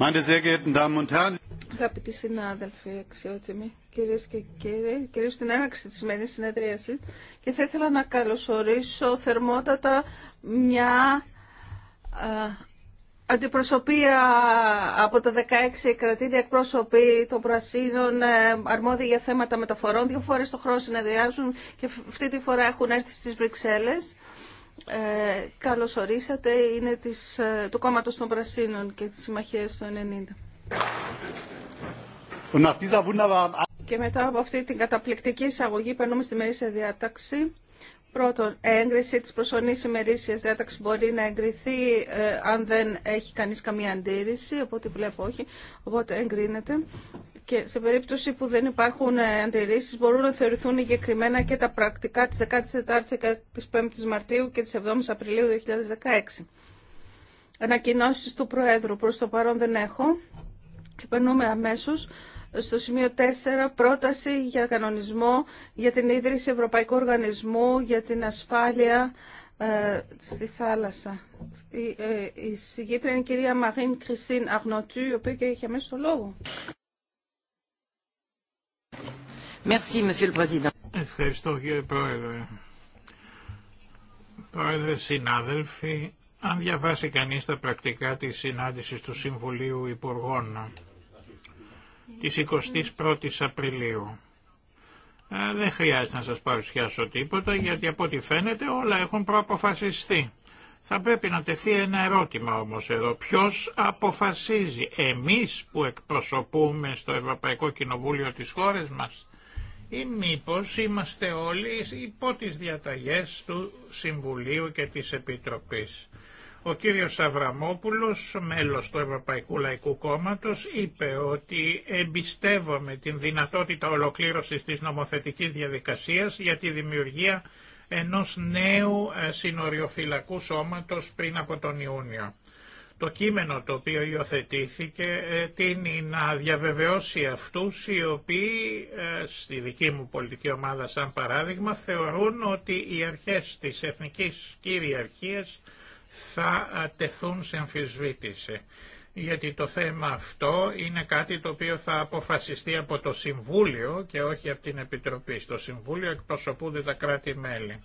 Αγαπητοί συνάδελφοι, αξιότιμοι κυρίες και κύριοι, κυρίως στην έναξη της σημερινής συνεδρίασης και θα ήθελα να καλωσορίσω θερμότατα μια ε, αντιπροσωπεία από τα 16 κρατήδια εκπρόσωποι των Πρασίνων ε, αρμόδιοι για θέματα μεταφορών. Δύο φορές το χρόνο συνεδριάζουν και αυτή τη φορά έχουν έρθει στις Βρυξέλλες. Ε, καλώς ορίσατε, είναι της, ε, του κόμματος των Πρασίνων και της Συμμαχίας των 90. Και μετά από αυτή την καταπληκτική εισαγωγή περνούμε στη μερίσια διάταξη. Πρώτον, έγκριση της προσωνής ημερήσιας διάταξης μπορεί να εγκριθεί ε, αν δεν έχει κάνει καμία αντίρρηση, οπότε βλέπω όχι, οπότε εγκρίνεται και σε περίπτωση που δεν υπάρχουν ε, αντιρρήσει, μπορούν να θεωρηθούν εγκεκριμένα και τα πρακτικά τη 14ης, 15 η Μαρτίου και τη 7 η Απριλίου 2016. Ανακοινώσει του Προέδρου Προ το παρόν δεν έχω και περνούμε αμέσως στο σημείο 4 πρόταση για κανονισμό για την ίδρυση Ευρωπαϊκού Οργανισμού για την ασφάλεια ε, στη θάλασσα. Η, ε, η συγκίτρια είναι η κυρία Μαρίν Κριστίν Αγνοτού, η οποία έχει αμέσως το λόγο. Ευχαριστώ κύριε Πρόεδρε. Πρόεδρε, συνάδελφοι, αν διαβάσει κανείς τα πρακτικά της συνάντησης του Συμβουλίου Υπουργών της 21ης Απριλίου, ε, δεν χρειάζεται να σας παρουσιάσω τίποτα γιατί από ό,τι φαίνεται όλα έχουν προαποφασιστεί. Θα πρέπει να τεθεί ένα ερώτημα όμως εδώ. Ποιος αποφασίζει εμείς που εκπροσωπούμε στο Ευρωπαϊκό Κοινοβούλιο της χώρας μας ή μήπως είμαστε όλοι υπό τις διαταγές του Συμβουλίου και της Επιτροπής. Ο κύριος Αβραμόπουλος, μέλος του Ευρωπαϊκού Λαϊκού Κόμματος, είπε ότι εμπιστεύομαι την δυνατότητα ολοκλήρωσης της νομοθετικής διαδικασίας για τη δημιουργία ενός νέου ε, συνοριοφυλακού σώματος πριν από τον Ιούνιο. Το κείμενο το οποίο υιοθετήθηκε ε, τίνει να διαβεβαιώσει αυτούς οι οποίοι ε, στη δική μου πολιτική ομάδα σαν παράδειγμα θεωρούν ότι οι αρχές της εθνικής κυριαρχίας θα τεθούν σε αμφισβήτηση γιατί το θέμα αυτό είναι κάτι το οποίο θα αποφασιστεί από το Συμβούλιο και όχι από την Επιτροπή. Στο Συμβούλιο εκπροσωπούνται τα κράτη-μέλη.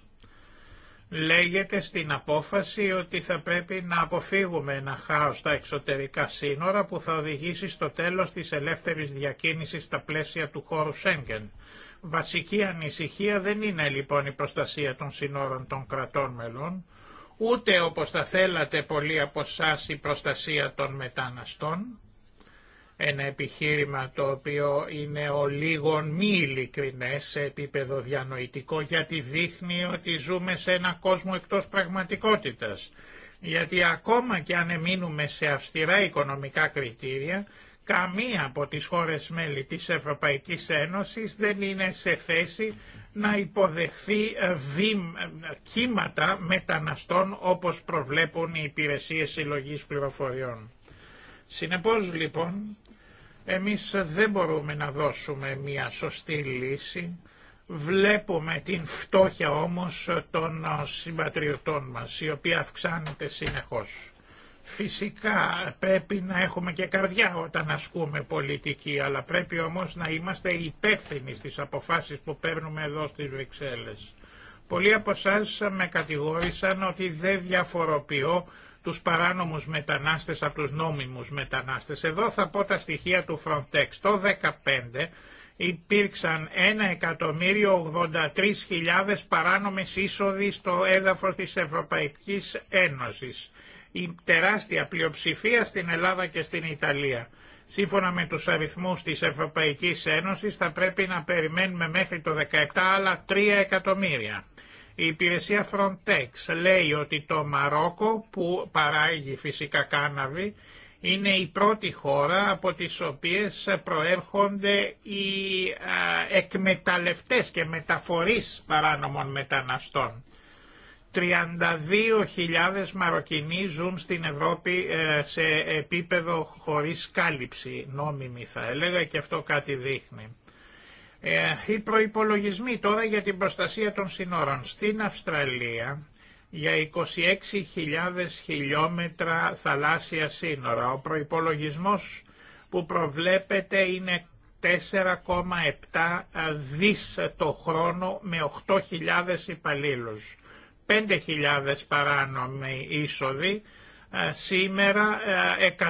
Λέγεται στην απόφαση ότι θα πρέπει να αποφύγουμε ένα χάος στα εξωτερικά σύνορα που θα οδηγήσει στο τέλος της ελεύθερης διακίνησης στα πλαίσια του χώρου Σέγγεν. Βασική ανησυχία δεν είναι λοιπόν η προστασία των σύνορων των κρατών μελών, ούτε όπως θα θέλατε πολλοί από εσά η προστασία των μεταναστών, ένα επιχείρημα το οποίο είναι ο λίγων μη ειλικρινές σε επίπεδο διανοητικό γιατί δείχνει ότι ζούμε σε ένα κόσμο εκτός πραγματικότητας. Γιατί ακόμα και αν εμείνουμε σε αυστηρά οικονομικά κριτήρια, καμία από τις χώρες μέλη της Ευρωπαϊκής Ένωσης δεν είναι σε θέση να υποδεχθεί ε, βήμ, ε, κύματα μεταναστών όπως προβλέπουν οι υπηρεσίες συλλογής πληροφοριών. Συνεπώς λοιπόν, εμείς δεν μπορούμε να δώσουμε μια σωστή λύση, βλέπουμε την φτώχεια όμως των ε, συμπατριωτών μας, η οποία αυξάνεται συνεχώς. Φυσικά πρέπει να έχουμε και καρδιά όταν ασκούμε πολιτική, αλλά πρέπει όμως να είμαστε υπεύθυνοι στις αποφάσεις που παίρνουμε εδώ στις Βρυξέλλες. Πολλοί από εσά με κατηγόρησαν ότι δεν διαφοροποιώ τους παράνομους μετανάστες από τους νόμιμους μετανάστες. Εδώ θα πω τα στοιχεία του Frontex. Το 2015 υπήρξαν 1.083.000 παράνομες είσοδοι στο έδαφος της Ευρωπαϊκής Ένωσης η τεράστια πλειοψηφία στην Ελλάδα και στην Ιταλία. Σύμφωνα με τους αριθμούς της Ευρωπαϊκής Ένωσης θα πρέπει να περιμένουμε μέχρι το 17 άλλα 3 εκατομμύρια. Η υπηρεσία Frontex λέει ότι το Μαρόκο που παράγει φυσικά κάναβη είναι η πρώτη χώρα από τις οποίες προέρχονται οι εκμεταλλευτές και μεταφορείς παράνομων μεταναστών. 32.000 Μαροκινοί ζουν στην Ευρώπη ε, σε επίπεδο χωρίς κάλυψη, νόμιμη θα έλεγα και αυτό κάτι δείχνει. Ε, οι προϋπολογισμοί τώρα για την προστασία των συνόρων στην Αυστραλία για 26.000 χιλιόμετρα θαλάσσια σύνορα. Ο προϋπολογισμός που προβλέπεται είναι 4,7 δις το χρόνο με 8.000 υπαλλήλους. 5.000 παράνομοι είσοδοι, ε, σήμερα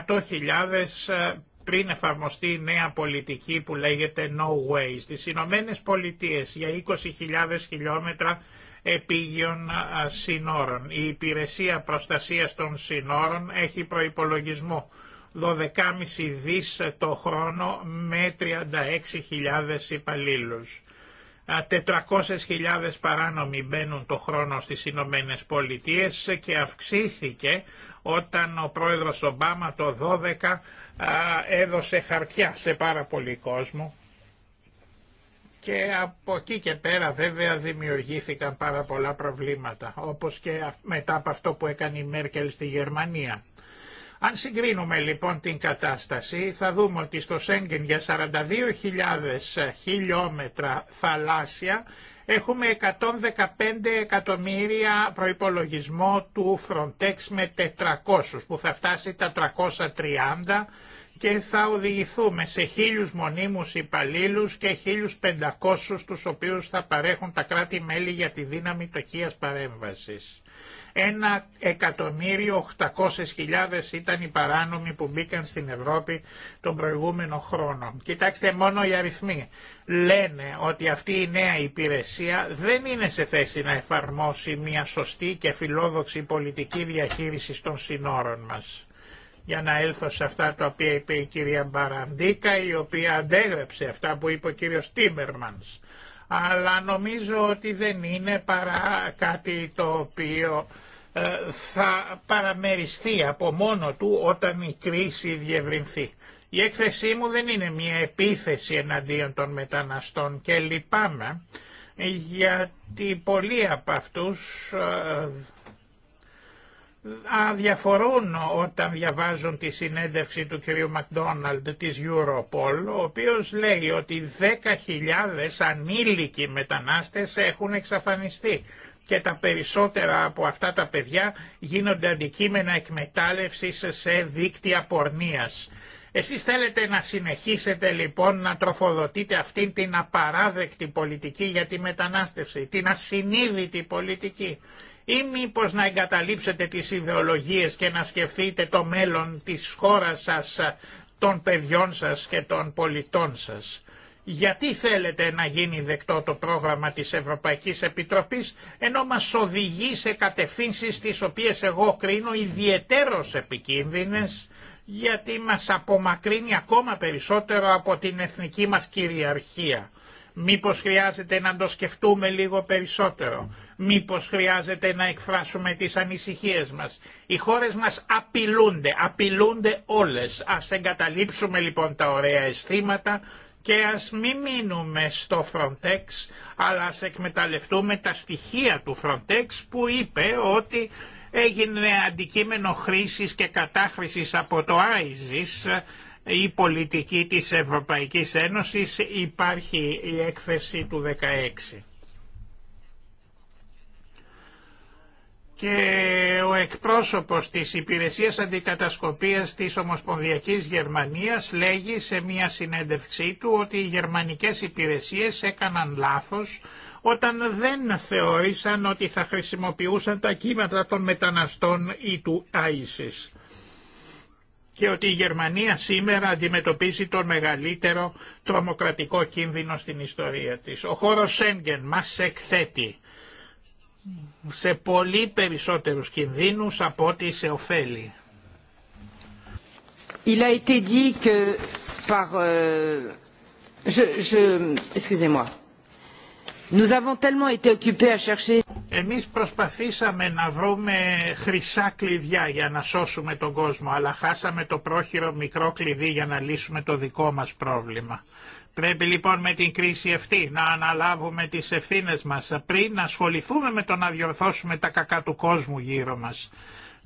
100.000 ε, ε, πριν εφαρμοστεί η νέα πολιτική που λέγεται No Way. Στις Ηνωμένε Πολιτείες για 20.000 χιλιόμετρα επίγειων συνόρων. Η Υπηρεσία Προστασίας των Συνόρων έχει προϋπολογισμό 12,5 δις το χρόνο με 36.000 υπαλλήλους. 400.000 παράνομοι μπαίνουν το χρόνο στις Ηνωμένε Πολιτείε και αυξήθηκε όταν ο πρόεδρος Ομπάμα το 12 έδωσε χαρτιά σε πάρα πολύ κόσμο και από εκεί και πέρα βέβαια δημιουργήθηκαν πάρα πολλά προβλήματα όπως και μετά από αυτό που έκανε η Μέρκελ στη Γερμανία. Αν συγκρίνουμε λοιπόν την κατάσταση, θα δούμε ότι στο Σέγγεν για 42.000 χιλιόμετρα θαλάσσια έχουμε 115 εκατομμύρια προϋπολογισμό του Frontex με 400 που θα φτάσει τα 330 και θα οδηγηθούμε σε 1.000 μονίμους υπαλλήλου και 1.500 τους οποίους θα παρέχουν τα κράτη-μέλη για τη δύναμη τοχείας παρέμβασης. Ένα εκατομμύριο 800.000 ήταν οι παράνομοι που μπήκαν στην Ευρώπη τον προηγούμενο χρόνο. Κοιτάξτε μόνο οι αριθμοί. Λένε ότι αυτή η νέα υπηρεσία δεν είναι σε θέση να εφαρμόσει μια σωστή και φιλόδοξη πολιτική διαχείριση των συνόρων μας. Για να έλθω σε αυτά τα οποία είπε η κυρία Μπαραντίκα, η οποία αντέγραψε αυτά που είπε ο κύριος Τίμερμανς αλλά νομίζω ότι δεν είναι παρά κάτι το οποίο ε, θα παραμεριστεί από μόνο του όταν η κρίση διευρυνθεί. Η έκθεσή μου δεν είναι μια επίθεση εναντίον των μεταναστών και λυπάμαι γιατί πολλοί από αυτούς ε, αδιαφορούν όταν διαβάζουν τη συνέντευξη του κ. Μακδόναλντ της Europol, ο οποίος λέει ότι 10.000 ανήλικοι μετανάστες έχουν εξαφανιστεί και τα περισσότερα από αυτά τα παιδιά γίνονται αντικείμενα εκμετάλλευσης σε δίκτυα πορνείας. Εσείς θέλετε να συνεχίσετε λοιπόν να τροφοδοτείτε αυτήν την απαράδεκτη πολιτική για τη μετανάστευση, την ασυνείδητη πολιτική ή μήπως να εγκαταλείψετε τις ιδεολογίες και να σκεφτείτε το μέλλον της χώρας σας, των παιδιών σας και των πολιτών σας. Γιατί θέλετε να γίνει δεκτό το πρόγραμμα της Ευρωπαϊκής Επιτροπής ενώ μας οδηγεί σε κατευθύνσεις τις οποίες εγώ κρίνω ιδιαιτέρως επικίνδυνες γιατί μας απομακρύνει ακόμα περισσότερο από την εθνική μας κυριαρχία. Μήπως χρειάζεται να το σκεφτούμε λίγο περισσότερο. Μήπως χρειάζεται να εκφράσουμε τις ανησυχίες μας. Οι χώρες μας απειλούνται, απειλούνται όλες. Ας εγκαταλείψουμε λοιπόν τα ωραία αισθήματα και ας μην μείνουμε στο Frontex, αλλά ας εκμεταλλευτούμε τα στοιχεία του Frontex που είπε ότι έγινε αντικείμενο χρήσης και κατάχρησης από το ISIS η πολιτική της Ευρωπαϊκής Ένωσης υπάρχει η έκθεση του 16. και ο εκπρόσωπος της Υπηρεσίας Αντικατασκοπίας της Ομοσπονδιακής Γερμανίας λέγει σε μια συνέντευξή του ότι οι γερμανικές υπηρεσίες έκαναν λάθος όταν δεν θεώρησαν ότι θα χρησιμοποιούσαν τα κύματα των μεταναστών ή του ISIS και ότι η Γερμανία σήμερα αντιμετωπίζει τον μεγαλύτερο τρομοκρατικό κίνδυνο στην ιστορία της. Ο χώρος Σέγγεν μας εκθέτει σε πολύ περισσότερους κινδύνους από ό,τι σε ωφέλη. Il a été dit euh, εμείς προσπαθήσαμε να βρούμε χρυσά κλειδιά για να σώσουμε τον κόσμο, αλλά χάσαμε το πρόχειρο μικρό κλειδί για να λύσουμε το δικό μας πρόβλημα. Πρέπει λοιπόν με την κρίση αυτή να αναλάβουμε τις ευθύνες μας πριν να ασχοληθούμε με το να διορθώσουμε τα κακά του κόσμου γύρω μας.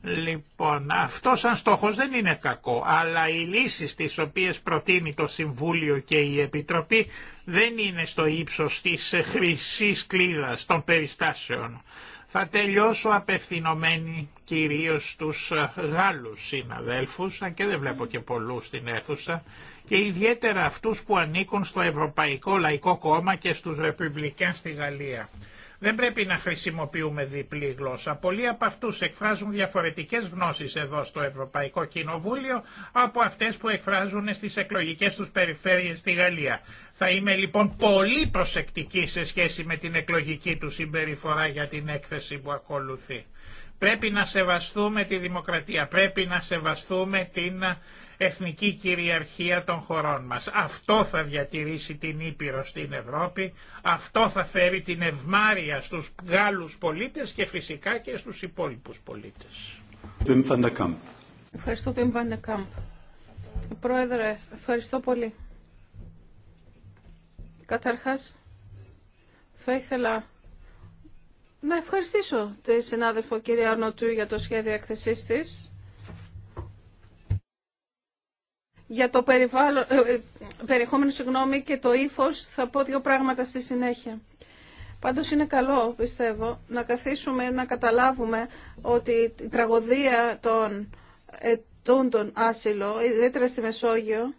Λοιπόν, αυτό σαν στόχος δεν είναι κακό, αλλά οι λύσεις τις οποίες προτείνει το Συμβούλιο και η Επιτροπή δεν είναι στο ύψος της χρυσή κλίδας των περιστάσεων. Θα τελειώσω απευθυνομένη κυρίως στους Γάλλους συναδέλφους, αν και δεν βλέπω και πολλούς στην αίθουσα, και ιδιαίτερα αυτούς που ανήκουν στο Ευρωπαϊκό Λαϊκό Κόμμα και στους Ρεπιμπλικές στη Γαλλία. Δεν πρέπει να χρησιμοποιούμε διπλή γλώσσα. Πολλοί από αυτούς εκφράζουν διαφορετικές γνώσεις εδώ στο Ευρωπαϊκό Κοινοβούλιο από αυτές που εκφράζουν στις εκλογικέ του περιφέρειες στη Γαλλία. Θα είμαι λοιπόν πολύ προσεκτική σε σχέση με την εκλογική του συμπεριφορά για την έκθεση που ακολουθεί. Πρέπει να σεβαστούμε τη δημοκρατία, πρέπει να σεβαστούμε την εθνική κυριαρχία των χωρών μας. Αυτό θα διατηρήσει την Ήπειρο στην Ευρώπη, αυτό θα φέρει την ευμάρεια στους Γάλλους πολίτες και φυσικά και στους υπόλοιπους πολίτες. Ευχαριστώ Πρόεδρε, ευχαριστώ πολύ. Καταρχάς, θα ήθελα να ευχαριστήσω τη συνάδελφο κυρία Νοτού για το σχέδιο έκθεσής της Για το περιβάλλον, ε, ε, περιεχόμενο συγγνώμη και το ύφο θα πω δύο πράγματα στη συνέχεια. Πάντως είναι καλό, πιστεύω, να καθίσουμε να καταλάβουμε ότι η τραγωδία των ετούντων άσυλο, ιδιαίτερα στη Μεσόγειο,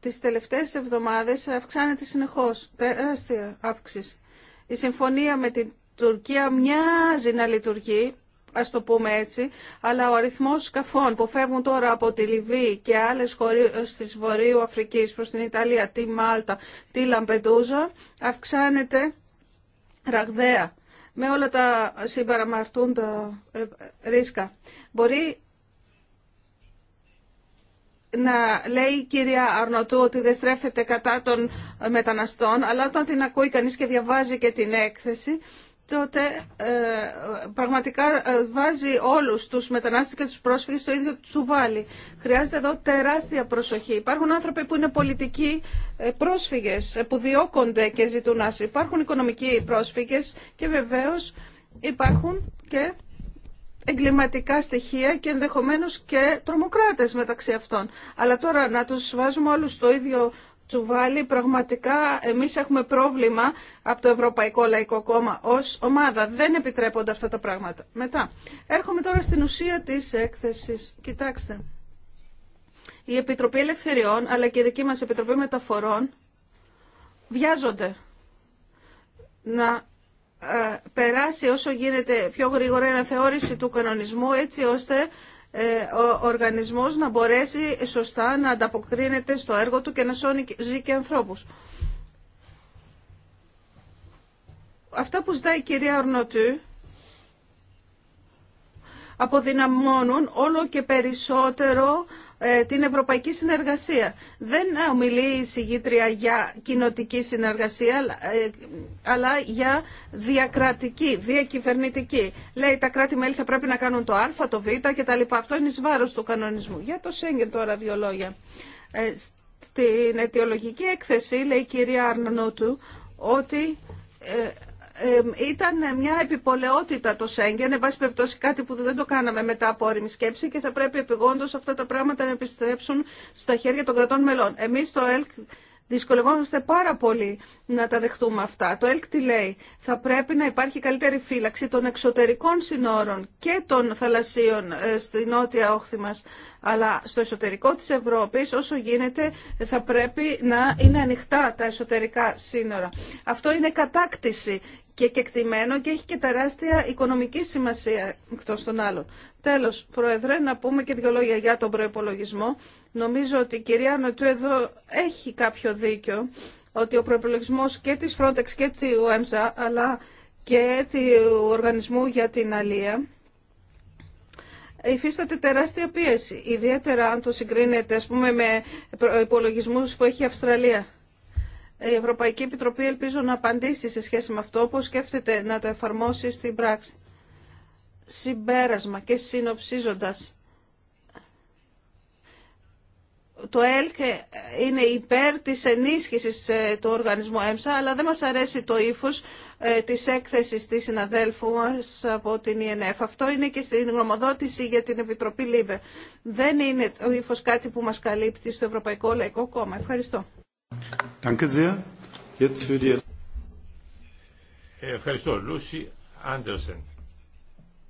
τις τελευταίες εβδομάδες αυξάνεται συνεχώς, τεράστια αύξηση. Η συμφωνία με την Τουρκία μοιάζει να λειτουργεί, ας το πούμε έτσι, αλλά ο αριθμός σκαφών που φεύγουν τώρα από τη Λιβύη και άλλες χώρες τη Βορείου Αφρικής προς την Ιταλία, τη Μάλτα, τη Λαμπεντούζα, αυξάνεται ραγδαία με όλα τα συμπαραμαρτούντα ε, ρίσκα. Μπορεί να λέει η κυρία Αρνοτού ότι δεν στρέφεται κατά των μεταναστών, αλλά όταν την ακούει κανείς και διαβάζει και την έκθεση, τότε ε, πραγματικά ε, βάζει όλους τους μετανάστες και τους πρόσφυγες στο ίδιο τσουβάλι. Χρειάζεται εδώ τεράστια προσοχή. Υπάρχουν άνθρωποι που είναι πολιτικοί ε, πρόσφυγες, που διώκονται και ζητούν άσυλο. Υπάρχουν οικονομικοί πρόσφυγες και βεβαίως υπάρχουν και εγκληματικά στοιχεία και ενδεχομένως και τρομοκράτες μεταξύ αυτών. Αλλά τώρα να τους βάζουμε όλους στο ίδιο τσουβάλι. Πραγματικά εμείς έχουμε πρόβλημα από το Ευρωπαϊκό Λαϊκό Κόμμα ως ομάδα. Δεν επιτρέπονται αυτά τα πράγματα. Μετά, έρχομαι τώρα στην ουσία της έκθεσης. Κοιτάξτε, η Επιτροπή Ελευθεριών αλλά και η δική μας Επιτροπή Μεταφορών βιάζονται να ε, περάσει όσο γίνεται πιο γρήγορα η αναθεώρηση του κανονισμού έτσι ώστε ε, ο οργανισμός να μπορέσει σωστά να ανταποκρίνεται στο έργο του και να σώνει ζει και ανθρώπους. Αυτά που ζητάει η κυρία Ορνοτού αποδυναμώνουν όλο και περισσότερο ε, την ευρωπαϊκή συνεργασία. Δεν ομιλεί η συγγήτρια για κοινοτική συνεργασία, ε, αλλά για διακρατική, διακυβερνητική. Λέει τα κράτη-μέλη θα πρέπει να κάνουν το α, το β και τα λοιπά. Αυτό είναι εις βάρος του κανονισμού. Για το Σέγγεν τώρα δύο λόγια. Ε, στην αιτιολογική έκθεση λέει η κυρία Αρνονότου ότι ήταν μια επιπολαιότητα το Σέγγεν, εν πάση περιπτώσει κάτι που δεν το κάναμε μετά από όρημη σκέψη και θα πρέπει επιγόντω αυτά τα πράγματα να επιστρέψουν στα χέρια των κρατών μελών. Εμεί το ΕΛΚ δυσκολευόμαστε πάρα πολύ να τα δεχτούμε αυτά. Το ΕΛΚ τι λέει, θα πρέπει να υπάρχει καλύτερη φύλαξη των εξωτερικών συνόρων και των θαλασσίων ε, στη νότια όχθη μας. Αλλά στο εσωτερικό της Ευρώπης όσο γίνεται θα πρέπει να είναι ανοιχτά τα εσωτερικά σύνορα. Αυτό είναι κατάκτηση και κεκτημένο και έχει και τεράστια οικονομική σημασία εκτό των άλλων. Τέλο, Πρόεδρε, να πούμε και δύο λόγια για τον προπολογισμό. Νομίζω ότι η κυρία Νοτού εδώ έχει κάποιο δίκιο ότι ο προπολογισμό και τη Frontex και του ΕΜΣΑ αλλά και του Οργανισμού για την Αλία υφίσταται τεράστια πίεση. Ιδιαίτερα αν το συγκρίνεται πούμε, με υπολογισμού που έχει η Αυστραλία η Ευρωπαϊκή Επιτροπή ελπίζω να απαντήσει σε σχέση με αυτό, πώς σκέφτεται να τα εφαρμόσει στην πράξη. Συμπέρασμα και συνοψίζοντας. Το ΕΛΚ είναι υπέρ της ενίσχυσης ε, του οργανισμού ΕΜΣΑ, αλλά δεν μας αρέσει το ύφος ε, της έκθεσης της συναδέλφου μας από την ΙΕΝΕΦ. Αυτό είναι και στην γνωμοδότηση για την Επιτροπή ΛΥΒΕ. Δεν είναι το ύφος κάτι που μας καλύπτει στο Ευρωπαϊκό Λαϊκό Κόμμα. Ευχαριστώ. Ευχαριστώ. Λούση Άντερσεν.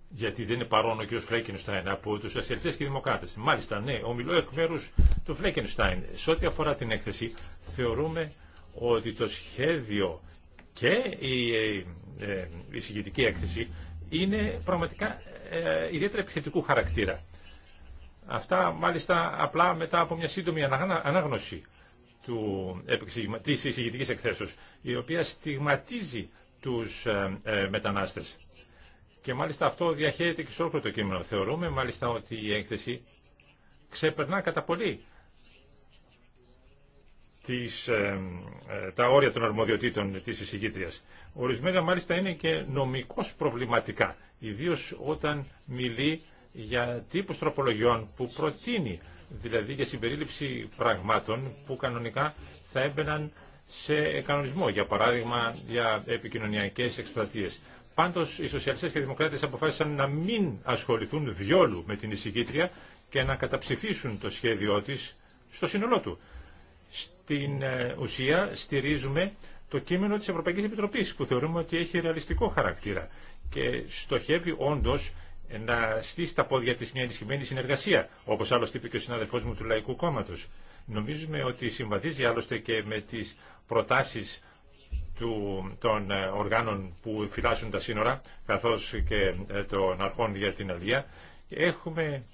Γιατί δεν είναι παρόν ο κ. Φλέκενστάιν από του Σοσιαλιστέ και Δημοκράτε. Μάλιστα, ναι, ομιλώ εκ μέρου του Φλέκενστάιν. Σε ό,τι αφορά την έκθεση, θεωρούμε ότι το σχέδιο και η, ε, ε, η, συγκεκριτική έκθεση είναι πραγματικά ε, ιδιαίτερα επιθετικού χαρακτήρα. Αυτά μάλιστα απλά μετά από μια σύντομη ανάγνωση του, της εισηγητικής εκθέσεως, η οποία στιγματίζει τους ε, ε, μετανάστες. Και μάλιστα αυτό διαχέεται και σε όλο το κείμενο. Θεωρούμε μάλιστα ότι η έκθεση ξεπερνά κατά πολύ τις, ε, τα όρια των αρμοδιοτήτων της εισηγήτριας. Ορισμένα μάλιστα είναι και νομικώς προβληματικά, ιδίως όταν μιλεί για τύπου τροπολογιών που προτείνει, δηλαδή για συμπερίληψη πραγμάτων που κανονικά θα έμπαιναν σε κανονισμό, για παράδειγμα για επικοινωνιακέ εκστρατείε. Πάντω, οι σοσιαλιστέ και οι δημοκράτε αποφάσισαν να μην ασχοληθούν διόλου με την εισηγήτρια και να καταψηφίσουν το σχέδιό τη στο σύνολό του. Στην ε, ουσία στηρίζουμε το κείμενο της Ευρωπαϊκής Επιτροπής που θεωρούμε ότι έχει ρεαλιστικό χαρακτήρα και στοχεύει όντω να στήσει τα πόδια της μια ενισχυμένη συνεργασία, όπως άλλωστε είπε και ο συνάδελφός μου του Λαϊκού Κόμματος. Νομίζουμε ότι συμβαδίζει άλλωστε και με τις προτάσεις του, των ε, οργάνων που φυλάσσουν τα σύνορα, καθώς και ε, των αρχών για την Αλία. Έχουμε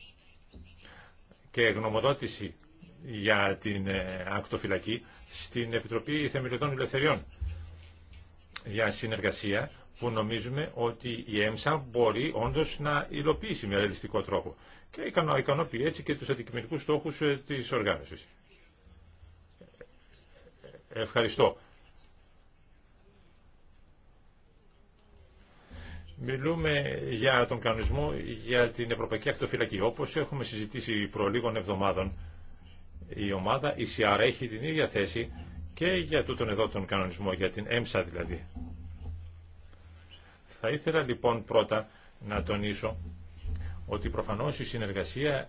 και γνωμοδότηση για την ε, ακτοφυλακή στην Επιτροπή Θεμελιωτών Ελευθεριών για συνεργασία που νομίζουμε ότι η ΕΜΣΑ μπορεί όντω να υλοποιήσει με ρεαλιστικό τρόπο και ικανοποιεί έτσι και τους αντικειμενικούς στόχους ε, της οργάνωσης. Ευχαριστώ. Μιλούμε για τον κανονισμό για την Ευρωπαϊκή Ακτοφυλακή. Όπως έχουμε συζητήσει προ λίγων εβδομάδων, η ομάδα, η ΣΥΑΡΑ έχει την ίδια θέση και για τούτον εδώ τον κανονισμό, για την ΕΜΣΑ δηλαδή. Θα ήθελα λοιπόν πρώτα να τονίσω ότι προφανώς η συνεργασία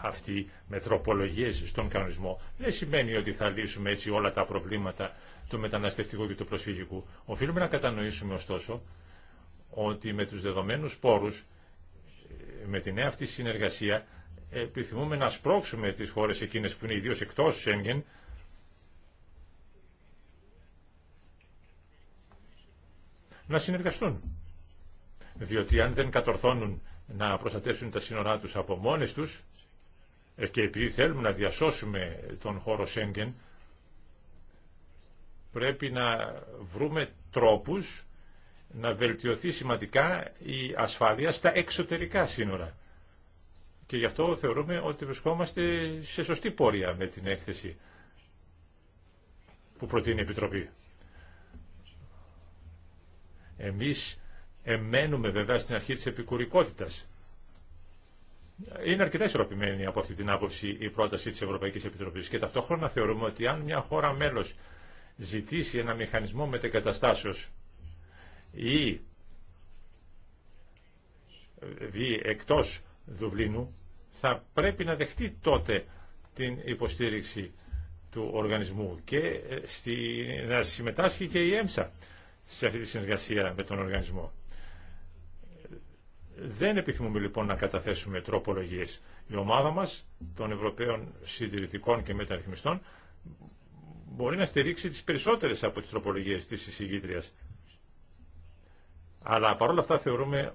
αυτή με τροπολογίες στον κανονισμό δεν σημαίνει ότι θα λύσουμε έτσι όλα τα προβλήματα του μεταναστευτικού και του προσφυγικού. Οφείλουμε να κατανοήσουμε ωστόσο ότι με τους δεδομένους πόρους, με την νέα αυτή συνεργασία, επιθυμούμε να σπρώξουμε τις χώρες εκείνες που είναι ιδίως εκτός Σέγγεν να συνεργαστούν. Διότι αν δεν κατορθώνουν να προστατεύσουν τα σύνορά τους από μόνες τους ε, και επειδή θέλουμε να διασώσουμε τον χώρο Σέγγεν, πρέπει να βρούμε τρόπους να βελτιωθεί σημαντικά η ασφάλεια στα εξωτερικά σύνορα. Και γι' αυτό θεωρούμε ότι βρισκόμαστε σε σωστή πορεία με την έκθεση που προτείνει η Επιτροπή. Εμείς εμένουμε βέβαια στην αρχή της επικουρικότητας. Είναι αρκετά ισορροπημένη από αυτή την άποψη η πρόταση της Ευρωπαϊκής Επιτροπής και ταυτόχρονα θεωρούμε ότι αν μια χώρα μέλος ζητήσει ένα μηχανισμό μετεκαταστάσεως ή βγει εκτός Δουβλίνου θα πρέπει να δεχτεί τότε την υποστήριξη του οργανισμού και στη, να συμμετάσχει και η ΕΜΣΑ σε αυτή τη συνεργασία με τον οργανισμό. Δεν επιθυμούμε λοιπόν να καταθέσουμε τροπολογίες. Η ομάδα μας των Ευρωπαίων Συντηρητικών και Μεταρρυθμιστών μπορεί να στηρίξει τις περισσότερες από τις τροπολογίες της εισηγήτριας. Αλλά παρόλα αυτά θεωρούμε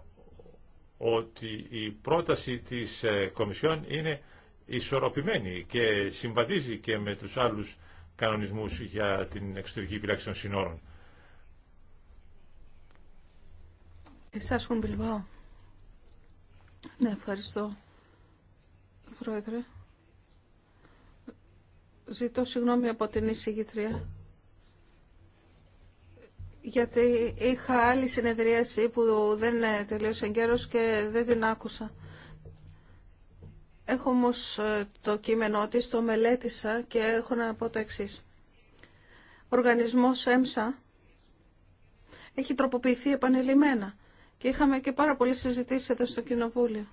ότι η πρόταση της ε, Κομισιόν είναι ισορροπημένη και συμβαδίζει και με τους άλλους κανονισμούς για την εξωτερική φυλάξη των συνόρων. Εσάς Μπιλβάο. Ναι, ευχαριστώ, Πρόεδρε. Ζητώ συγγνώμη από την εισηγητρία. Γιατί είχα άλλη συνεδρίαση που δεν τελείωσε καιρός και δεν την άκουσα. Έχω όμω ε, το κείμενό της, το μελέτησα και έχω να πω το εξή. οργανισμός ΕΜΣΑ έχει τροποποιηθεί επανειλημμένα και είχαμε και πάρα πολλές συζητήσεις εδώ στο Κοινοβούλιο.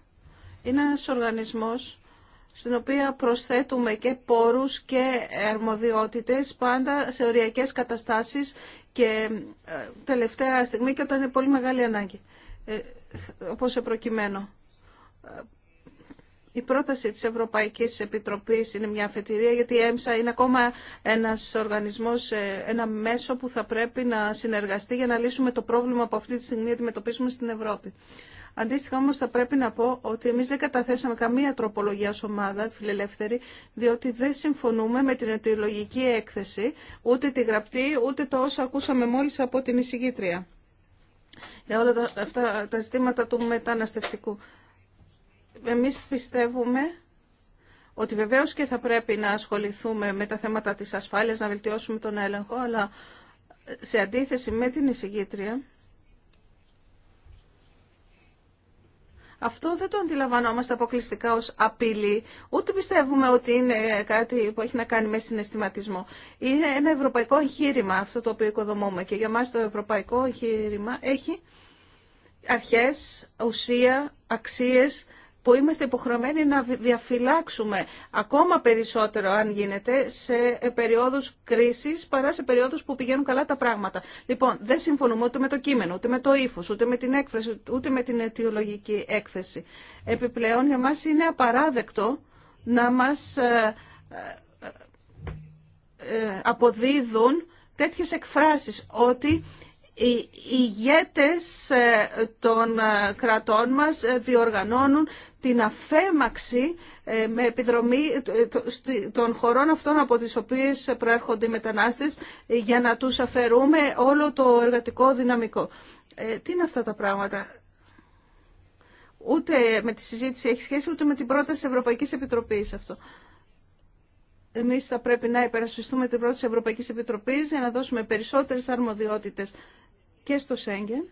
Είναι ένας οργανισμός στην οποία προσθέτουμε και πόρους και αρμοδιότητες πάντα σε οριακές καταστάσεις και ε, τελευταία στιγμή και όταν είναι πολύ μεγάλη ανάγκη, ε, όπως σε προκειμένο. Η πρόταση της Ευρωπαϊκής Επιτροπής είναι μια αφετηρία γιατί η ΕΜΣΑ είναι ακόμα ένας οργανισμός, ε, ένα μέσο που θα πρέπει να συνεργαστεί για να λύσουμε το πρόβλημα που αυτή τη στιγμή αντιμετωπίσουμε στην Ευρώπη. Αντίστοιχα όμως θα πρέπει να πω ότι εμείς δεν καταθέσαμε καμία τροπολογία ως ομάδα φιλελεύθερη, διότι δεν συμφωνούμε με την αιτιολογική έκθεση, ούτε τη γραπτή, ούτε το όσα ακούσαμε μόλις από την εισηγήτρια για όλα τα, αυτά τα ζητήματα του μεταναστευτικού εμείς πιστεύουμε ότι βεβαίως και θα πρέπει να ασχοληθούμε με τα θέματα της ασφάλειας, να βελτιώσουμε τον έλεγχο, αλλά σε αντίθεση με την εισηγήτρια, αυτό δεν το αντιλαμβανόμαστε αποκλειστικά ως απειλή, ούτε πιστεύουμε ότι είναι κάτι που έχει να κάνει με συναισθηματισμό. Είναι ένα ευρωπαϊκό εγχείρημα αυτό το οποίο οικοδομούμε και για μας το ευρωπαϊκό εγχείρημα έχει αρχές, ουσία, αξίες, που είμαστε υποχρεωμένοι να διαφυλάξουμε ακόμα περισσότερο, αν γίνεται, σε περιόδους κρίσης παρά σε περιόδους που πηγαίνουν καλά τα πράγματα. Λοιπόν, δεν συμφωνούμε ούτε με το κείμενο, ούτε με το ύφος, ούτε με την έκφραση, ούτε με την αιτιολογική έκθεση. Επιπλέον, για μας είναι απαράδεκτο να μας ε, ε, ε, αποδίδουν τέτοιες εκφράσεις ότι οι ηγέτες ε, των ε, κρατών μας ε, διοργανώνουν την αφέμαξη με επιδρομή των χωρών αυτών από τις οποίες προέρχονται οι μετανάστες για να τους αφαιρούμε όλο το εργατικό δυναμικό. Τι είναι αυτά τα πράγματα. Ούτε με τη συζήτηση έχει σχέση, ούτε με την πρόταση Ευρωπαϊκής Επιτροπής αυτό. Εμείς θα πρέπει να υπερασπιστούμε την πρόταση Ευρωπαϊκής Επιτροπής για να δώσουμε περισσότερες αρμοδιότητες και στο Σέγγεν,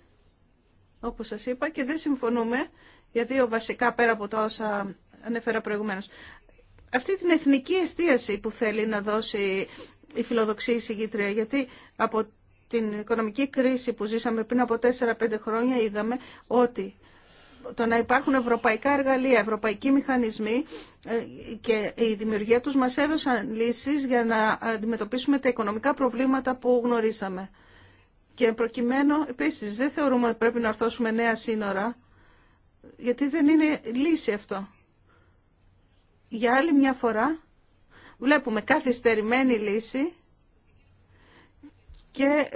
όπως σας είπα, και δεν συμφωνούμε για δύο βασικά πέρα από τα όσα ανέφερα προηγουμένως. Αυτή την εθνική εστίαση που θέλει να δώσει η φιλοδοξία συγκήτρια, γιατί από την οικονομική κρίση που ζήσαμε πριν από 4-5 χρόνια είδαμε ότι το να υπάρχουν ευρωπαϊκά εργαλεία, ευρωπαϊκοί μηχανισμοί ε, και η δημιουργία τους μας έδωσαν λύσεις για να αντιμετωπίσουμε τα οικονομικά προβλήματα που γνωρίσαμε. Και προκειμένου, επίση δεν θεωρούμε ότι πρέπει να ορθώσουμε νέα σύνορα, γιατί δεν είναι λύση αυτό. Για άλλη μια φορά, βλέπουμε καθυστερημένη λύση και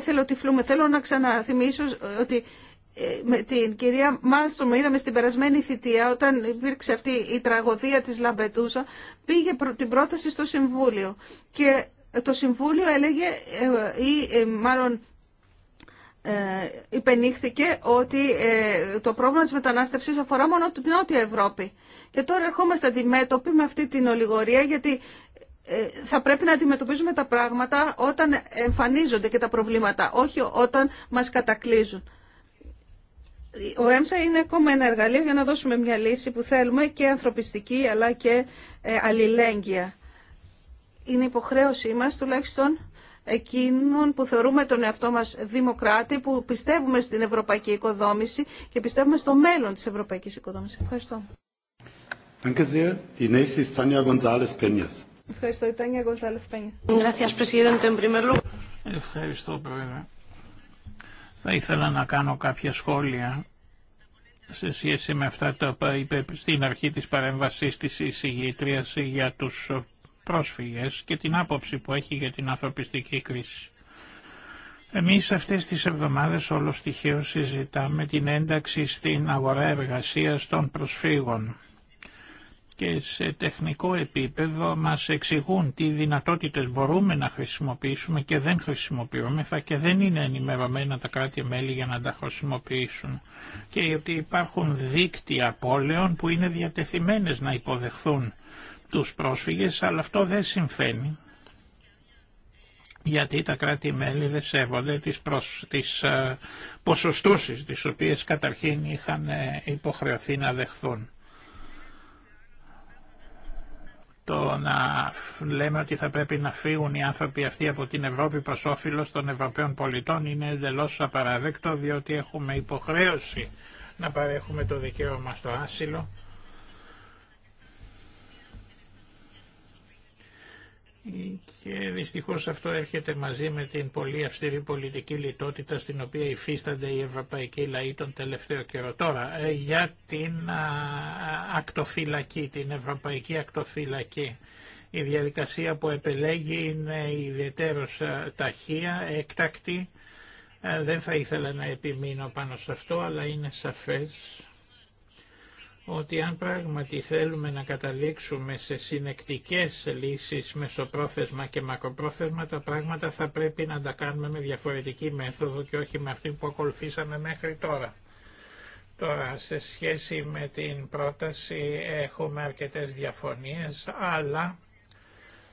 θέλω ότι Θέλω να ξαναθυμίσω ότι ε, με την κυρία Μάλστρομ είδαμε στην περασμένη θητεία όταν υπήρξε αυτή η τραγωδία της Λαμπετούσα πήγε την πρόταση στο Συμβούλιο και το Συμβούλιο έλεγε ε, ή ε, μάλλον ε, υπενήχθηκε ότι το πρόβλημα της μετανάστευσης αφορά μόνο την Νότια Ευρώπη. Και τώρα ερχόμαστε αντιμέτωποι με αυτή την ολιγορία γιατί θα πρέπει να αντιμετωπίζουμε τα πράγματα όταν εμφανίζονται και τα προβλήματα, όχι όταν μας κατακλείζουν. Ο ΕΜΣΑ είναι ακόμα ένα εργαλείο για να δώσουμε μια λύση που θέλουμε και ανθρωπιστική αλλά και αλληλέγγυα είναι υποχρέωσή μας, τουλάχιστον εκείνων που θεωρούμε τον εαυτό μας δημοκράτη, που πιστεύουμε στην ευρωπαϊκή οικοδόμηση και πιστεύουμε στο μέλλον της ευρωπαϊκής οικοδόμησης. Ευχαριστώ. Ευχαριστώ, Πρόεδρε. Θα ήθελα να κάνω κάποια σχόλια σε σχέση με αυτά τα είπε στην αρχή της παρέμβασής της εισηγήτριας για τους πρόσφυγες και την άποψη που έχει για την ανθρωπιστική κρίση. Εμείς αυτές τις εβδομάδες όλο στοιχείο συζητάμε την ένταξη στην αγορά εργασίας των προσφύγων και σε τεχνικό επίπεδο μας εξηγούν τι δυνατότητες μπορούμε να χρησιμοποιήσουμε και δεν χρησιμοποιούμε, θα και δεν είναι ενημερωμένα τα κράτη-μέλη για να τα χρησιμοποιήσουν και ότι υπάρχουν δίκτυα πόλεων που είναι διατεθειμένες να υποδεχθούν τους πρόσφυγες, αλλά αυτό δεν συμβαίνει γιατί τα κράτη-μέλη δεν σέβονται τις, προς, τις ε, ποσοστούσεις τις οποίες καταρχήν είχαν ε, υποχρεωθεί να δεχθούν. Το να λέμε ότι θα πρέπει να φύγουν οι άνθρωποι αυτοί από την Ευρώπη προς όφυλος των Ευρωπαίων πολιτών είναι εντελώς απαραδέκτο διότι έχουμε υποχρέωση να παρέχουμε το δικαίωμα στο άσυλο Και δυστυχώς αυτό έρχεται μαζί με την πολύ αυστηρή πολιτική λιτότητα στην οποία υφίστανται οι ευρωπαϊκοί λαοί τον τελευταίο καιρό. Τώρα, ε, για την ακτοφυλακή, την ευρωπαϊκή ακτοφυλακή. Η διαδικασία που επελέγει είναι ιδιαίτερος ταχεία, έκτακτη. Ε, δεν θα ήθελα να επιμείνω πάνω σε αυτό, αλλά είναι σαφές ότι αν πράγματι θέλουμε να καταλήξουμε σε συνεκτικές λύσεις μεσοπρόθεσμα και μακροπρόθεσμα, τα πράγματα θα πρέπει να τα κάνουμε με διαφορετική μέθοδο και όχι με αυτή που ακολουθήσαμε μέχρι τώρα. Τώρα, σε σχέση με την πρόταση έχουμε αρκετές διαφωνίες, αλλά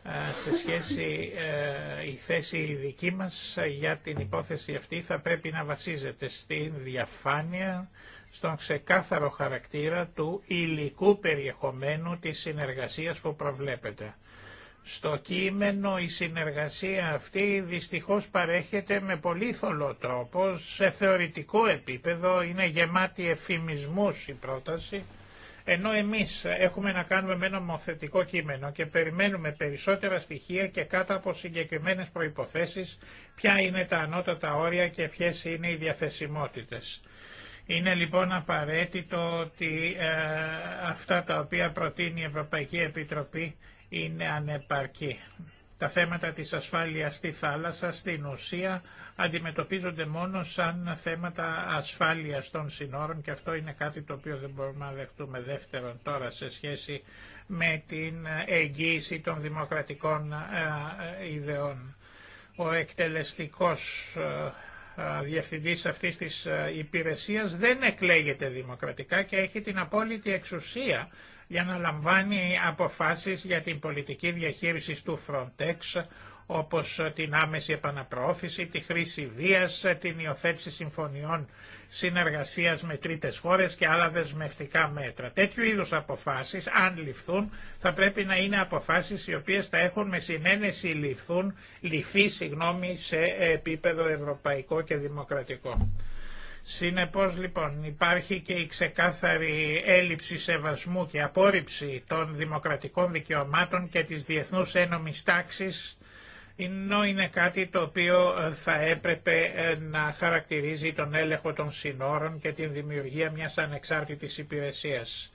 ε, σε σχέση ε, η θέση η δική μας για την υπόθεση αυτή θα πρέπει να βασίζεται στην διαφάνεια, στον ξεκάθαρο χαρακτήρα του υλικού περιεχομένου της συνεργασίας που προβλέπεται. Στο κείμενο η συνεργασία αυτή δυστυχώς παρέχεται με πολύ θολό τρόπο, σε θεωρητικό επίπεδο είναι γεμάτη εφημισμούς η πρόταση, ενώ εμείς έχουμε να κάνουμε με ένα νομοθετικό κείμενο και περιμένουμε περισσότερα στοιχεία και κάτω από συγκεκριμένες προϋποθέσεις ποια είναι τα ανώτατα όρια και ποιες είναι οι διαθεσιμότητες. Είναι λοιπόν απαραίτητο ότι ε, αυτά τα οποία προτείνει η Ευρωπαϊκή Επιτροπή είναι ανεπαρκή. Τα θέματα της ασφάλειας στη θάλασσα στην ουσία αντιμετωπίζονται μόνο σαν θέματα ασφάλειας των συνόρων και αυτό είναι κάτι το οποίο δεν μπορούμε να δεχτούμε δεύτερον τώρα σε σχέση με την εγγύηση των δημοκρατικών ε, ε, ιδεών. Ο εκτελεστικός ε, διευθυντής αυτή της ε, υπηρεσίας δεν εκλέγεται δημοκρατικά και έχει την απόλυτη εξουσία για να λαμβάνει αποφάσεις για την πολιτική διαχείριση του Frontex όπως ε, την άμεση επαναπροώθηση, τη χρήση βίας, ε, την υιοθέτηση συμφωνιών συνεργασίας με τρίτες χώρες και άλλα δεσμευτικά μέτρα. Τέτοιου είδους αποφάσεις, αν ληφθούν, θα πρέπει να είναι αποφάσεις οι οποίες θα έχουν με συνένεση ληφθούν, ληφθεί συγγνώμη, σε επίπεδο ευρωπαϊκό και δημοκρατικό. Συνεπώς λοιπόν υπάρχει και η ξεκάθαρη έλλειψη σεβασμού και απόρριψη των δημοκρατικών δικαιωμάτων και της διεθνούς ένομης τάξης ενώ είναι κάτι το οποίο ε, θα έπρεπε ε, να χαρακτηρίζει τον έλεγχο των συνόρων και την δημιουργία μιας ανεξάρτητης υπηρεσίας.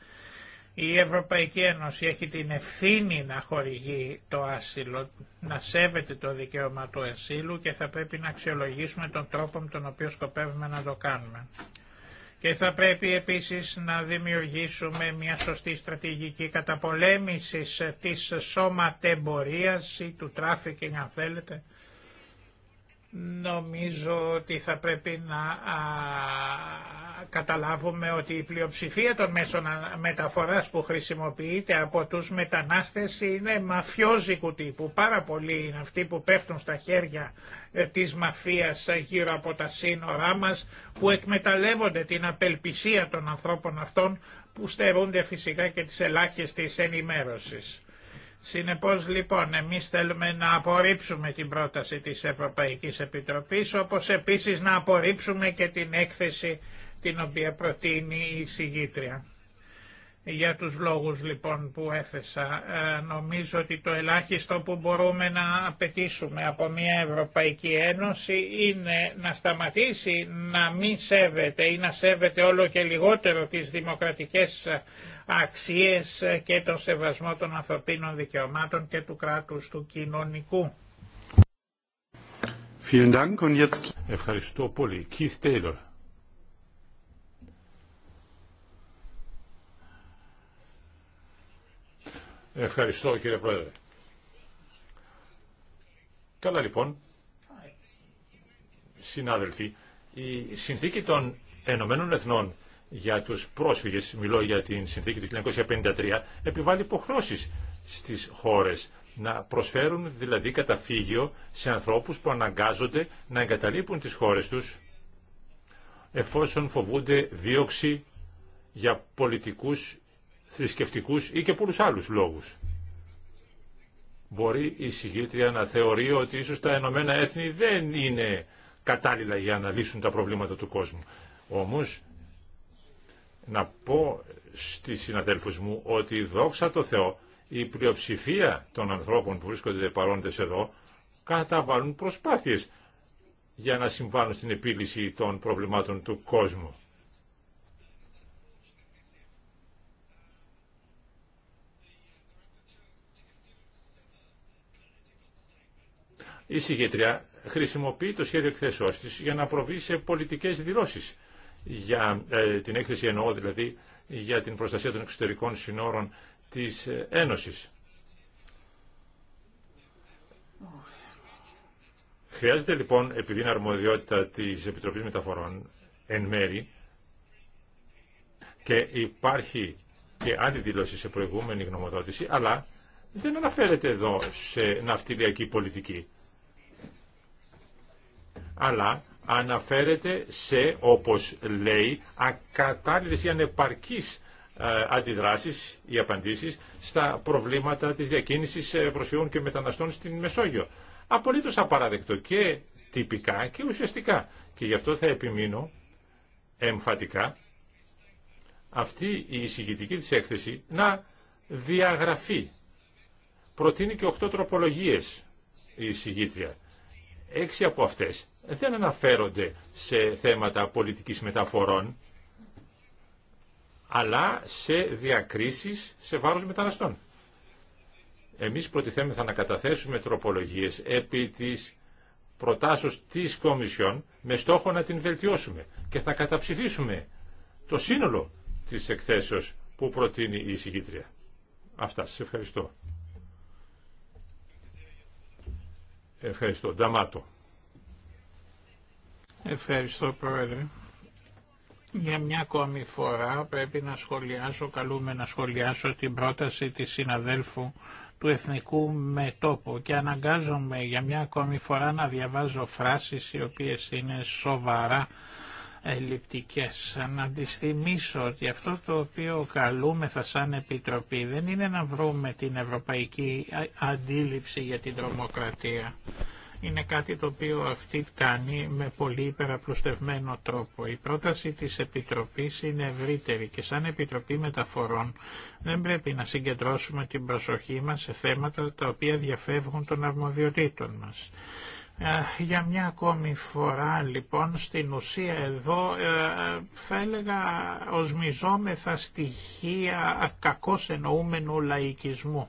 Η Ευρωπαϊκή Ένωση έχει την ευθύνη να χορηγεί το άσυλο, να σέβεται το δικαίωμα του ασύλου και θα πρέπει να αξιολογήσουμε τον τρόπο με τον οποίο σκοπεύουμε να το κάνουμε. Και θα πρέπει επίσης να δημιουργήσουμε μια σωστή στρατηγική καταπολέμησης της σώματεμπορίας ή του τράφικινγκ αν θέλετε, Νομίζω ότι θα πρέπει να καταλάβουμε ότι η πλειοψηφία των μέσων μεταφοράς που χρησιμοποιείται από τους μετανάστες είναι μαφιόζικου τύπου. Πάρα πολλοί είναι αυτοί που πέφτουν στα χέρια ε, της μαφίας γύρω από τα σύνορά μας, που εκμεταλλεύονται την απελπισία των ανθρώπων αυτών, που στερούνται φυσικά και τις ελάχιστες ενημέρωσης. Συνεπώς λοιπόν εμείς θέλουμε να απορρίψουμε την πρόταση της Ευρωπαϊκής Επιτροπής όπως επίσης να απορρίψουμε και την έκθεση την οποία προτείνει η συγγήτρια. Για τους λόγους λοιπόν που έθεσα ε, νομίζω ότι το ελάχιστο που μπορούμε να απαιτήσουμε από μια Ευρωπαϊκή Ένωση είναι να σταματήσει να μην σέβεται ή να σέβεται όλο και λιγότερο τις δημοκρατικές αξίες ε, και τον σεβασμό των ανθρωπίνων δικαιωμάτων και του κράτους του κοινωνικού. Ευχαριστώ πολύ. Keith Taylor. Ευχαριστώ κύριε Πρόεδρε. Καλά λοιπόν, συνάδελφοι, η συνθήκη των Ενωμένων Εθνών για τους πρόσφυγες, μιλώ για την συνθήκη του 1953, επιβάλλει υποχρώσεις στις χώρες να προσφέρουν δηλαδή καταφύγιο σε ανθρώπους που αναγκάζονται να εγκαταλείπουν τις χώρες τους εφόσον φοβούνται δίωξη για πολιτικούς, θρησκευτικούς ή και πολλούς άλλους λόγους. Μπορεί η και πολλους αλλους λογους μπορει η συγκιτρια να θεωρεί ότι ίσως τα Ενωμένα Έθνη δεν είναι κατάλληλα για να λύσουν τα προβλήματα του κόσμου. Όμως να πω στις συναδέλφους μου ότι δόξα το Θεώ η πλειοψηφία των ανθρώπων που βρίσκονται παρόντες εδώ καταβάλουν προσπάθειες για να συμβάνουν στην επίλυση των προβλημάτων του κόσμου. Η συγγετριά χρησιμοποιεί το σχέδιο εκθέσεώς της για να προβεί σε πολιτικές δηλώσεις για ε, την έκθεση εννοώ δηλαδή για την προστασία των εξωτερικών συνόρων της ε, Ένωσης. Χρειάζεται λοιπόν, επειδή είναι αρμοδιότητα της Επιτροπής Μεταφορών, εν μέρη, και υπάρχει και άλλη δήλωση σε προηγούμενη γνωμοδότηση, αλλά δεν αναφέρεται εδώ σε ναυτιλιακή πολιτική. Αλλά αναφέρεται σε, όπως λέει, ακατάλληλες ή ανεπαρκείς ε, αντιδράσεις ή απαντήσεις στα προβλήματα της διακίνησης ε, προσφυγών και μεταναστών στην Μεσόγειο. Απολύτως απαράδεκτο και τυπικά και ουσιαστικά. Και γι' αυτό θα επιμείνω εμφατικά αυτή η εισηγητική της έκθεση να διαγραφεί. Προτείνει και οχτώ τροπολογίες η εισηγήτρια. Έξι από αυτές δεν αναφέρονται σε θέματα πολιτικής μεταφορών, αλλά σε διακρίσεις σε βάρος μεταναστών. Εμείς προτιθέμεθα να καταθέσουμε τροπολογίες επί της προτάσεως της Κομισιόν με στόχο να την βελτιώσουμε και θα καταψηφίσουμε το σύνολο της εκθέσεως που προτείνει η συγκήτρια. Αυτά. Σας ευχαριστώ. Ευχαριστώ. Νταμάτο. Ευχαριστώ Πρόεδρε. Για μια ακόμη φορά πρέπει να σχολιάσω, καλούμε να σχολιάσω την πρόταση της συναδέλφου του Εθνικού Μετόπου και αναγκάζομαι για μια ακόμη φορά να διαβάζω φράσεις οι οποίες είναι σοβαρά ελλειπτικές. Να τις ότι αυτό το οποίο θα σαν Επιτροπή δεν είναι να βρούμε την ευρωπαϊκή αντίληψη για την τρομοκρατία είναι κάτι το οποίο αυτή κάνει με πολύ υπεραπλουστευμένο τρόπο. Η πρόταση της Επιτροπής είναι ευρύτερη και σαν Επιτροπή Μεταφορών δεν πρέπει να συγκεντρώσουμε την προσοχή μας σε θέματα τα οποία διαφεύγουν των αρμοδιοτήτων μας. Ε, για μια ακόμη φορά λοιπόν στην ουσία εδώ ε, θα έλεγα οσμιζόμεθα στοιχεία κακώς εννοούμενου λαϊκισμού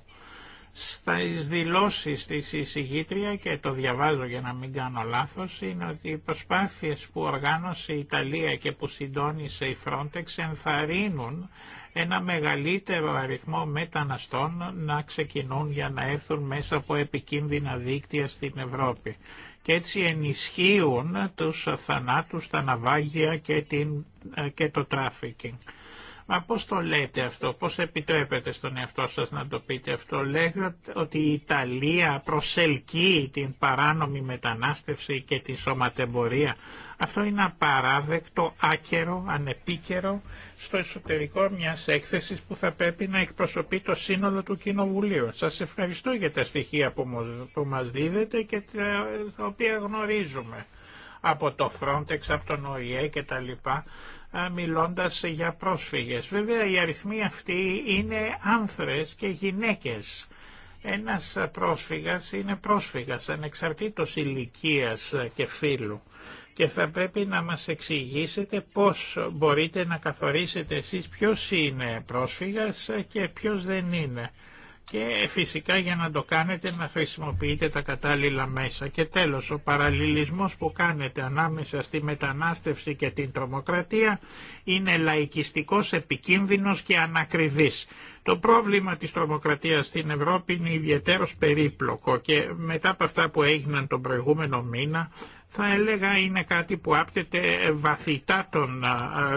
στα δηλώσεις της εισηγήτρια και το διαβάζω για να μην κάνω λάθος είναι ότι οι προσπάθειες που οργάνωσε η Ιταλία και που συντόνισε η Frontex ενθαρρύνουν ένα μεγαλύτερο αριθμό μεταναστών να ξεκινούν για να έρθουν μέσα από επικίνδυνα δίκτυα στην Ευρώπη και έτσι ενισχύουν τους θανάτους, τα ναυάγια και, την, ε, και το τράφικινγκ. Μα πώς το λέτε αυτό, πώς επιτρέπετε στον εαυτό σας να το πείτε αυτό. Λέγατε ότι η Ιταλία προσελκύει την παράνομη μετανάστευση και τη σωματεμπορία. Αυτό είναι απαράδεκτο, άκερο, ανεπίκαιρο στο εσωτερικό μιας έκθεσης που θα πρέπει να εκπροσωπεί το σύνολο του Κοινοβουλίου. Σας ευχαριστώ για τα στοιχεία που μας δίδετε και τα οποία γνωρίζουμε από το Frontex, από τον ΟΗΕ και τα λοιπά μιλώντας για πρόσφυγες. Βέβαια οι αριθμοί αυτοί είναι άνθρες και γυναίκες. Ένας πρόσφυγας είναι πρόσφυγας ανεξαρτήτως ηλικίας και φύλου και θα πρέπει να μας εξηγήσετε πώς μπορείτε να καθορίσετε εσείς ποιος είναι πρόσφυγας και ποιος δεν είναι και φυσικά για να το κάνετε να χρησιμοποιείτε τα κατάλληλα μέσα. Και τέλος, ο παραλληλισμός που κάνετε ανάμεσα στη μετανάστευση και την τρομοκρατία είναι λαϊκιστικός, επικίνδυνος και ανακριβής. Το πρόβλημα της τρομοκρατίας στην Ευρώπη είναι ιδιαίτερος περίπλοκο και μετά από αυτά που έγιναν τον προηγούμενο μήνα θα έλεγα είναι κάτι που άπτεται βαθυτά των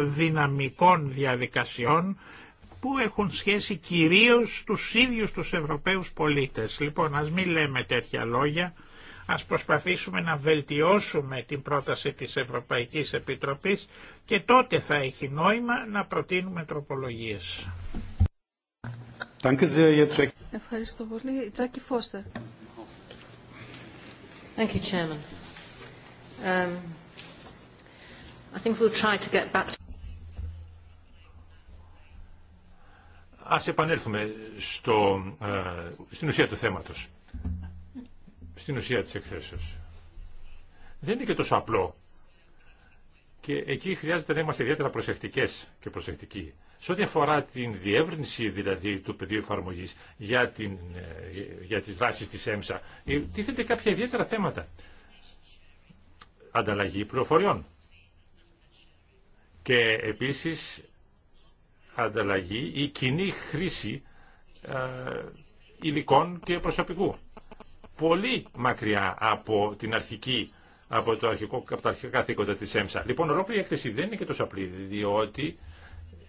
δυναμικών διαδικασιών που έχουν σχέση κυρίως τους ίδιους τους Ευρωπαίους πολίτες. Λοιπόν, ας μην λέμε τέτοια λόγια, ας προσπαθήσουμε να βελτιώσουμε την πρόταση της Ευρωπαϊκής Επιτροπής και τότε θα έχει νόημα να προτείνουμε τροπολογίες. Ας επανέλθουμε στο, ε, στην ουσία του θέματος. Στην ουσία της εκθέσεως. Δεν είναι και τόσο απλό. Και εκεί χρειάζεται να είμαστε ιδιαίτερα προσεκτικές και προσεκτικοί. Σε ό,τι αφορά την διεύρυνση δηλαδή του πεδίου εφαρμογή για, την, ε, για τις δράσεις της ΕΜΣΑ, ε, τίθεται κάποια ιδιαίτερα θέματα. Ανταλλαγή πληροφοριών. Και επίσης ανταλλαγή ή κοινή χρήση ε, υλικών και προσωπικού. Πολύ μακριά από την αρχική από, το αρχικό, από τα αρχικά καθήκοντα της ΕΜΣΑ. Λοιπόν, ολόκληρη η έκθεση δεν είναι και τόσο απλή, διότι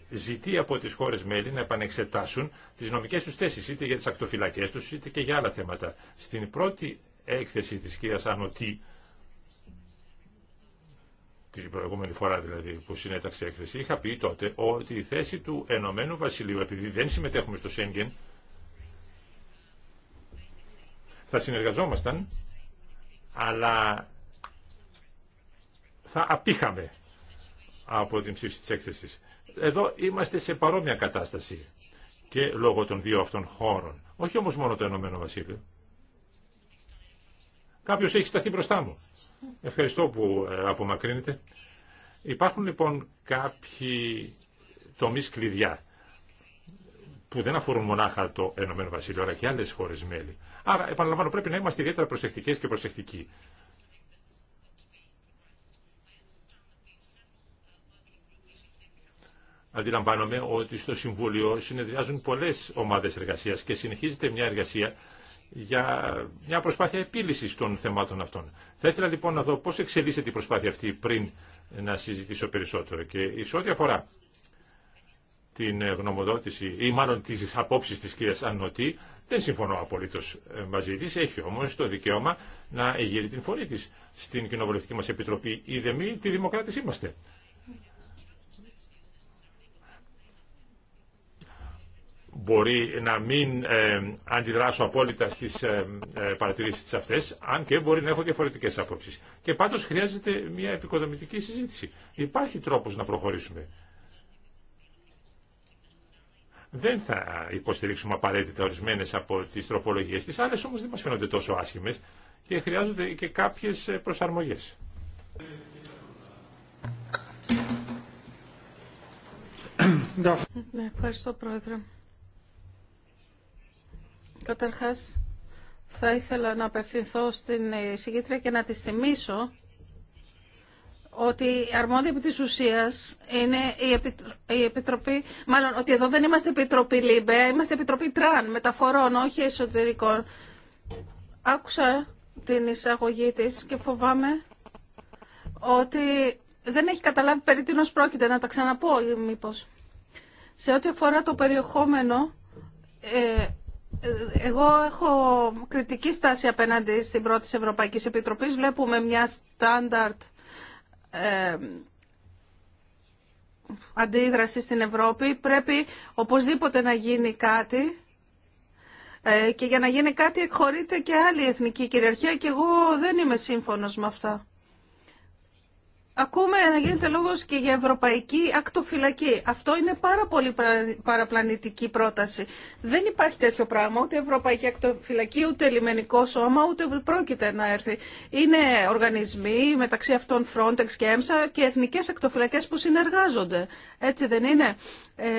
ζητεί από τις χώρες μέλη να επανεξετάσουν τις νομικές τους θέσεις, είτε για τις ακτοφυλακές τους, είτε και για άλλα θέματα. Στην πρώτη έκθεση της κυρίας Ανωτή, την προηγούμενη φορά δηλαδή που συνέταξε έκθεση, είχα πει τότε ότι η θέση του Ενωμένου Βασιλείου, επειδή δεν συμμετέχουμε στο Σέγγεν, θα συνεργαζόμασταν, αλλά θα απήχαμε από την ψήφιση της έκθεσης. Εδώ είμαστε σε παρόμοια κατάσταση και λόγω των δύο αυτών χώρων. Όχι όμως μόνο το Ενωμένο Βασίλειο. Κάποιος έχει σταθεί μπροστά μου Ευχαριστώ που ε, απομακρύνετε. Υπάρχουν λοιπόν κάποιοι τομείς κλειδιά που δεν αφορούν μονάχα το Ενωμένο Βασίλειο, αλλά και άλλες χώρες μέλη. Άρα, επαναλαμβάνω, πρέπει να είμαστε ιδιαίτερα προσεκτικές και προσεκτικοί. Αντιλαμβάνομαι ότι στο Συμβούλιο συνεδριάζουν πολλές ομάδες εργασίας και συνεχίζεται μια εργασία για μια προσπάθεια επίλυση των θεμάτων αυτών. Θα ήθελα λοιπόν να δω πώς εξελίσσεται η προσπάθεια αυτή πριν να συζητήσω περισσότερο. Και σε ό,τι αφορά την γνωμοδότηση ή μάλλον τις απόψεις της κυρίας Ανωτή, δεν συμφωνώ απολύτως ε, μαζί τη. Έχει όμω το δικαίωμα να εγείρει την φωνή τη στην Κοινοβουλευτική μα Επιτροπή. Είδε μη, τη δημοκράτη είμαστε. μπορεί να μην ε, αντιδράσω απόλυτα στις ε, ε, παρατηρήσεις της αυτές, αν και μπορεί να έχω διαφορετικές απόψεις. Και πάντως χρειάζεται μια επικοδομητική συζήτηση. Υπάρχει τρόπος να προχωρήσουμε. Δεν θα υποστηρίξουμε απαραίτητα ορισμένες από τις τροπολογίες της, άλλες όμως δεν μας φαίνονται τόσο άσχημες και χρειάζονται και κάποιες ε, προσαρμογές. Ναι, ευχαριστώ, Πρόεδρε. Καταρχάς, θα ήθελα να απευθυνθώ στην εισηγήτρια και να τη θυμίσω ότι η αρμόδια επί της ουσίας είναι η Επιτροπή, μάλλον ότι εδώ δεν είμαστε Επιτροπή ΛΥΜΠΕ, είμαστε Επιτροπή ΤΡΑΝ, μεταφορών, όχι εσωτερικών. Άκουσα την εισαγωγή της και φοβάμαι ότι δεν έχει καταλάβει περί τίνος πρόκειται, να τα ξαναπώ μήπως. Σε ό,τι αφορά το περιεχόμενο, ε, εγώ έχω κριτική στάση απέναντι στην πρώτη Ευρωπαϊκή Επιτροπή. Βλέπουμε μια στάνταρτ ε, αντίδραση στην Ευρώπη. Πρέπει οπωσδήποτε να γίνει κάτι. Ε, και για να γίνει κάτι εκχωρείται και άλλη εθνική κυριαρχία και εγώ δεν είμαι σύμφωνος με αυτά. Ακούμε να γίνεται λόγος και για ευρωπαϊκή ακτοφυλακή. Αυτό είναι πάρα πολύ παραπλανητική πρόταση. Δεν υπάρχει τέτοιο πράγμα, ούτε ευρωπαϊκή ακτοφυλακή, ούτε λιμενικό σώμα, ούτε πρόκειται να έρθει. Είναι οργανισμοί μεταξύ αυτών Frontex και Emsa, και εθνικές ακτοφυλακές που συνεργάζονται. Έτσι δεν είναι. Ε,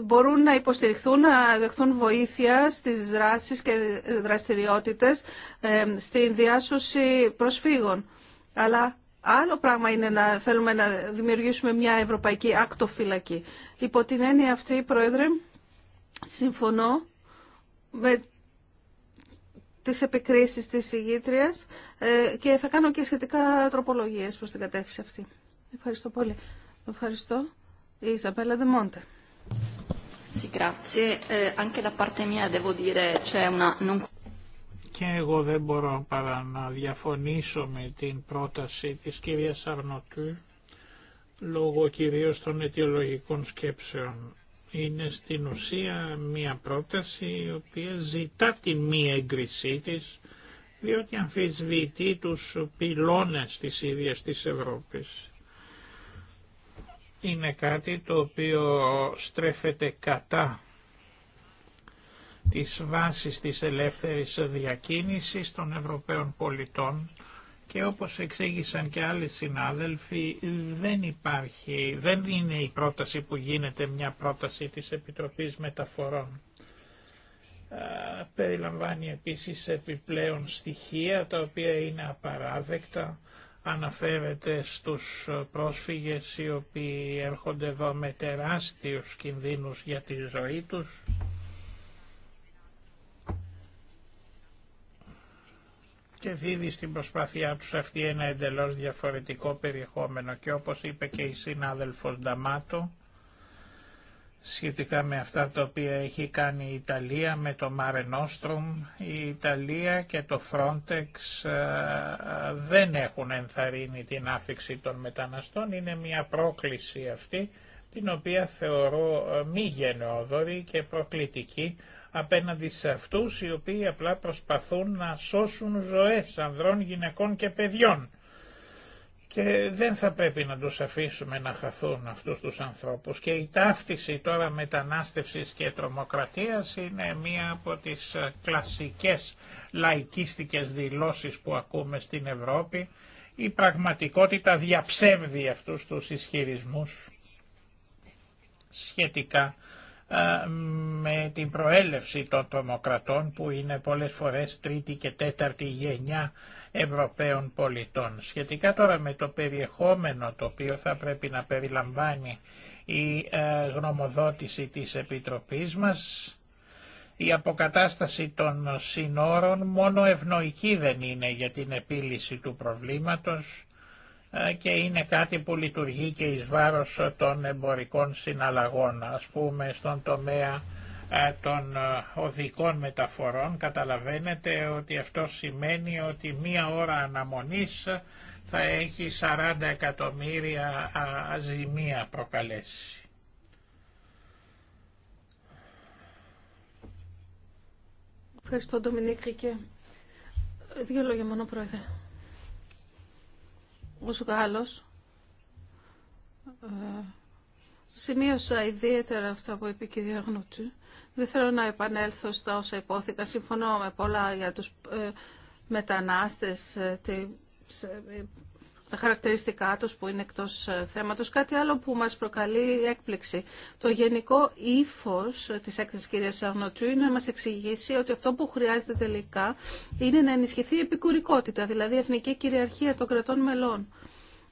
μπορούν να υποστηριχθούν, να δεχθούν βοήθεια στις δράσεις και δραστηριότητες ε, στην διάσωση προσφύγων. Αλλά Άλλο πράγμα είναι να θέλουμε να δημιουργήσουμε μια ευρωπαϊκή ακτοφυλακή. Υπό την έννοια αυτή, Πρόεδρε, συμφωνώ με τις επικρίσεις της ηγήτριας ε, και θα κάνω και σχετικά τροπολογίες προς την κατεύθυνση αυτή. Ευχαριστώ πολύ. Ευχαριστώ. Η Ιζαμπέλα Δεμόντε. Sì, grazie. Ε, anche da parte mia devo dire c'è και εγώ δεν μπορώ παρά να διαφωνήσω με την πρόταση της κυρίας Αρνοτού λόγω κυρίως των αιτιολογικών σκέψεων. Είναι στην ουσία μία πρόταση η οποία ζητά τη μη έγκρισή της διότι αμφισβητεί τους πυλώνες της ίδιας της Ευρώπης. Είναι κάτι το οποίο στρέφεται κατά της βάσης της ελεύθερης διακίνησης των Ευρωπαίων πολιτών και όπως εξήγησαν και άλλοι συνάδελφοι δεν υπάρχει, δεν είναι η πρόταση που γίνεται μια πρόταση της Επιτροπής Μεταφορών. Περιλαμβάνει επίσης επιπλέον στοιχεία τα οποία είναι απαράδεκτα, αναφέρεται στους πρόσφυγες οι οποίοι έρχονται εδώ με τεράστιους κινδύνους για τη ζωή τους και δίδει στην προσπάθειά τους αυτή ένα εντελώς διαφορετικό περιεχόμενο και όπως είπε και η συνάδελφος Νταμάτο σχετικά με αυτά τα οποία έχει κάνει η Ιταλία με το Mare Nostrum η Ιταλία και το Frontex ε, δεν έχουν ενθαρρύνει την άφηξη των μεταναστών είναι μια πρόκληση αυτή την οποία θεωρώ ε, μη γενναιόδορη και προκλητική απέναντι σε αυτούς οι οποίοι απλά προσπαθούν να σώσουν ζωές ανδρών, γυναικών και παιδιών. Και δεν θα πρέπει να τους αφήσουμε να χαθούν αυτούς τους ανθρώπους. Και η ταύτιση τώρα μετανάστευσης και τρομοκρατίας είναι μία από τις ε, κλασικές λαϊκίστικες δηλώσεις που ακούμε στην Ευρώπη. Η πραγματικότητα διαψεύδει αυτούς τους ισχυρισμούς σχετικά ε, με την προέλευση των τρομοκρατών που είναι πολλές φορές τρίτη και τέταρτη γενιά Ευρωπαίων πολιτών. Σχετικά τώρα με το περιεχόμενο το οποίο θα πρέπει να περιλαμβάνει η ε, γνωμοδότηση της Επιτροπής μας, η αποκατάσταση των συνόρων μόνο ευνοϊκή δεν είναι για την επίλυση του προβλήματος, ε, και είναι κάτι που λειτουργεί και εις βάρος ε, των εμπορικών συναλλαγών. Ας πούμε στον τομέα ε, των οδικών μεταφορών καταλαβαίνετε ότι αυτό σημαίνει ότι μία ώρα αναμονής θα έχει 40 εκατομμύρια ζημία προκαλέσει. Ευχαριστώ, Ντομινίκη, και Δύο λόγια μόνο, Πρόεδρε ως Γάλλος ε, σημείωσα ιδιαίτερα αυτά που είπε η κυρία Γνούτση. Δεν θέλω να επανέλθω στα όσα υπόθηκαν. Συμφωνώ με πολλά για τους ε, μετανάστες, ε, τα χαρακτηριστικά τους που είναι εκτός ε, θέματος. Κάτι άλλο που μας προκαλεί έκπληξη. Το γενικό ύφος της έκθεσης κυρίας Αγνοτσού είναι να μας εξηγήσει ότι αυτό που χρειάζεται τελικά είναι να ενισχυθεί η επικουρικότητα, δηλαδή η εθνική κυριαρχία των κρατών μελών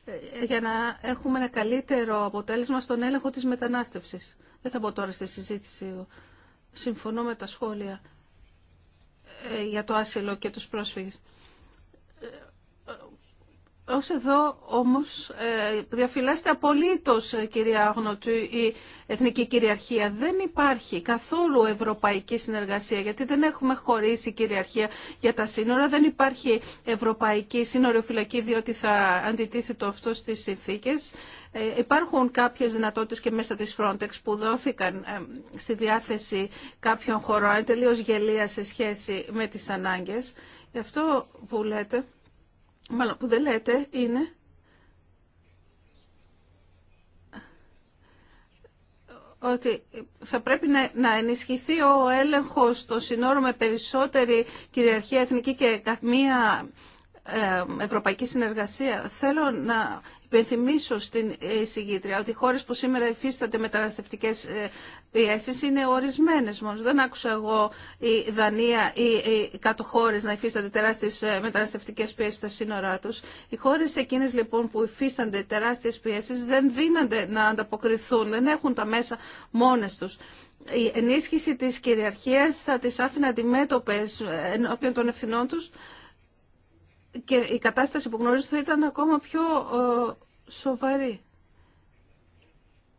ε, για να έχουμε ένα καλύτερο αποτέλεσμα στον έλεγχο της μετανάστευσης. Δεν θα μπω τώρα στη συζήτηση. Συμφωνώ με τα σχόλια ε, για το άσυλο και τους πρόσφυγες. Ως εδώ όμως ε, διαφυλάσσεται απολύτως ε, κυρία Αγνωτή η εθνική κυριαρχία. Δεν υπάρχει καθόλου ευρωπαϊκή συνεργασία γιατί δεν έχουμε χωρίσει κυριαρχία για τα σύνορα. Δεν υπάρχει ευρωπαϊκή φυλακή διότι θα αντιτίθεται αυτό στις συνθήκες. Ε, υπάρχουν κάποιες δυνατότητες και μέσα της Frontex που δόθηκαν στη διάθεση κάποιων χωρών τελείως γελία σε σχέση με τις ανάγκες. Γι' αυτό που λέτε μάλλον που δεν λέτε είναι ότι θα πρέπει να, ενισχυθεί ο έλεγχος στο σύνορο με περισσότερη κυριαρχία εθνική και καθμία ε, ευρωπαϊκή συνεργασία. Θέλω να υπενθυμίσω στην εισηγήτρια ότι οι χώρες που σήμερα υφίστανται μεταναστευτικέ ε, πιέσει είναι ορισμένε. μόνο. Δεν άκουσα εγώ η Δανία ή οι κάτω χώρε να υφίστανται τεράστιε μεταναστευτικέ πιέσει στα σύνορά του. Οι χώρες εκείνε λοιπόν που υφίστανται τεράστιε πιέσει, δεν δίνονται να ανταποκριθούν, δεν έχουν τα μέσα μόνες του. η ενίσχυση της κυριαρχίας θα τις άφηνε αντιμέτωπες ε, ενώπιον των ευθυνών τους και η κατάσταση που γνωρίζω θα ήταν ακόμα πιο ε, σοβαρή.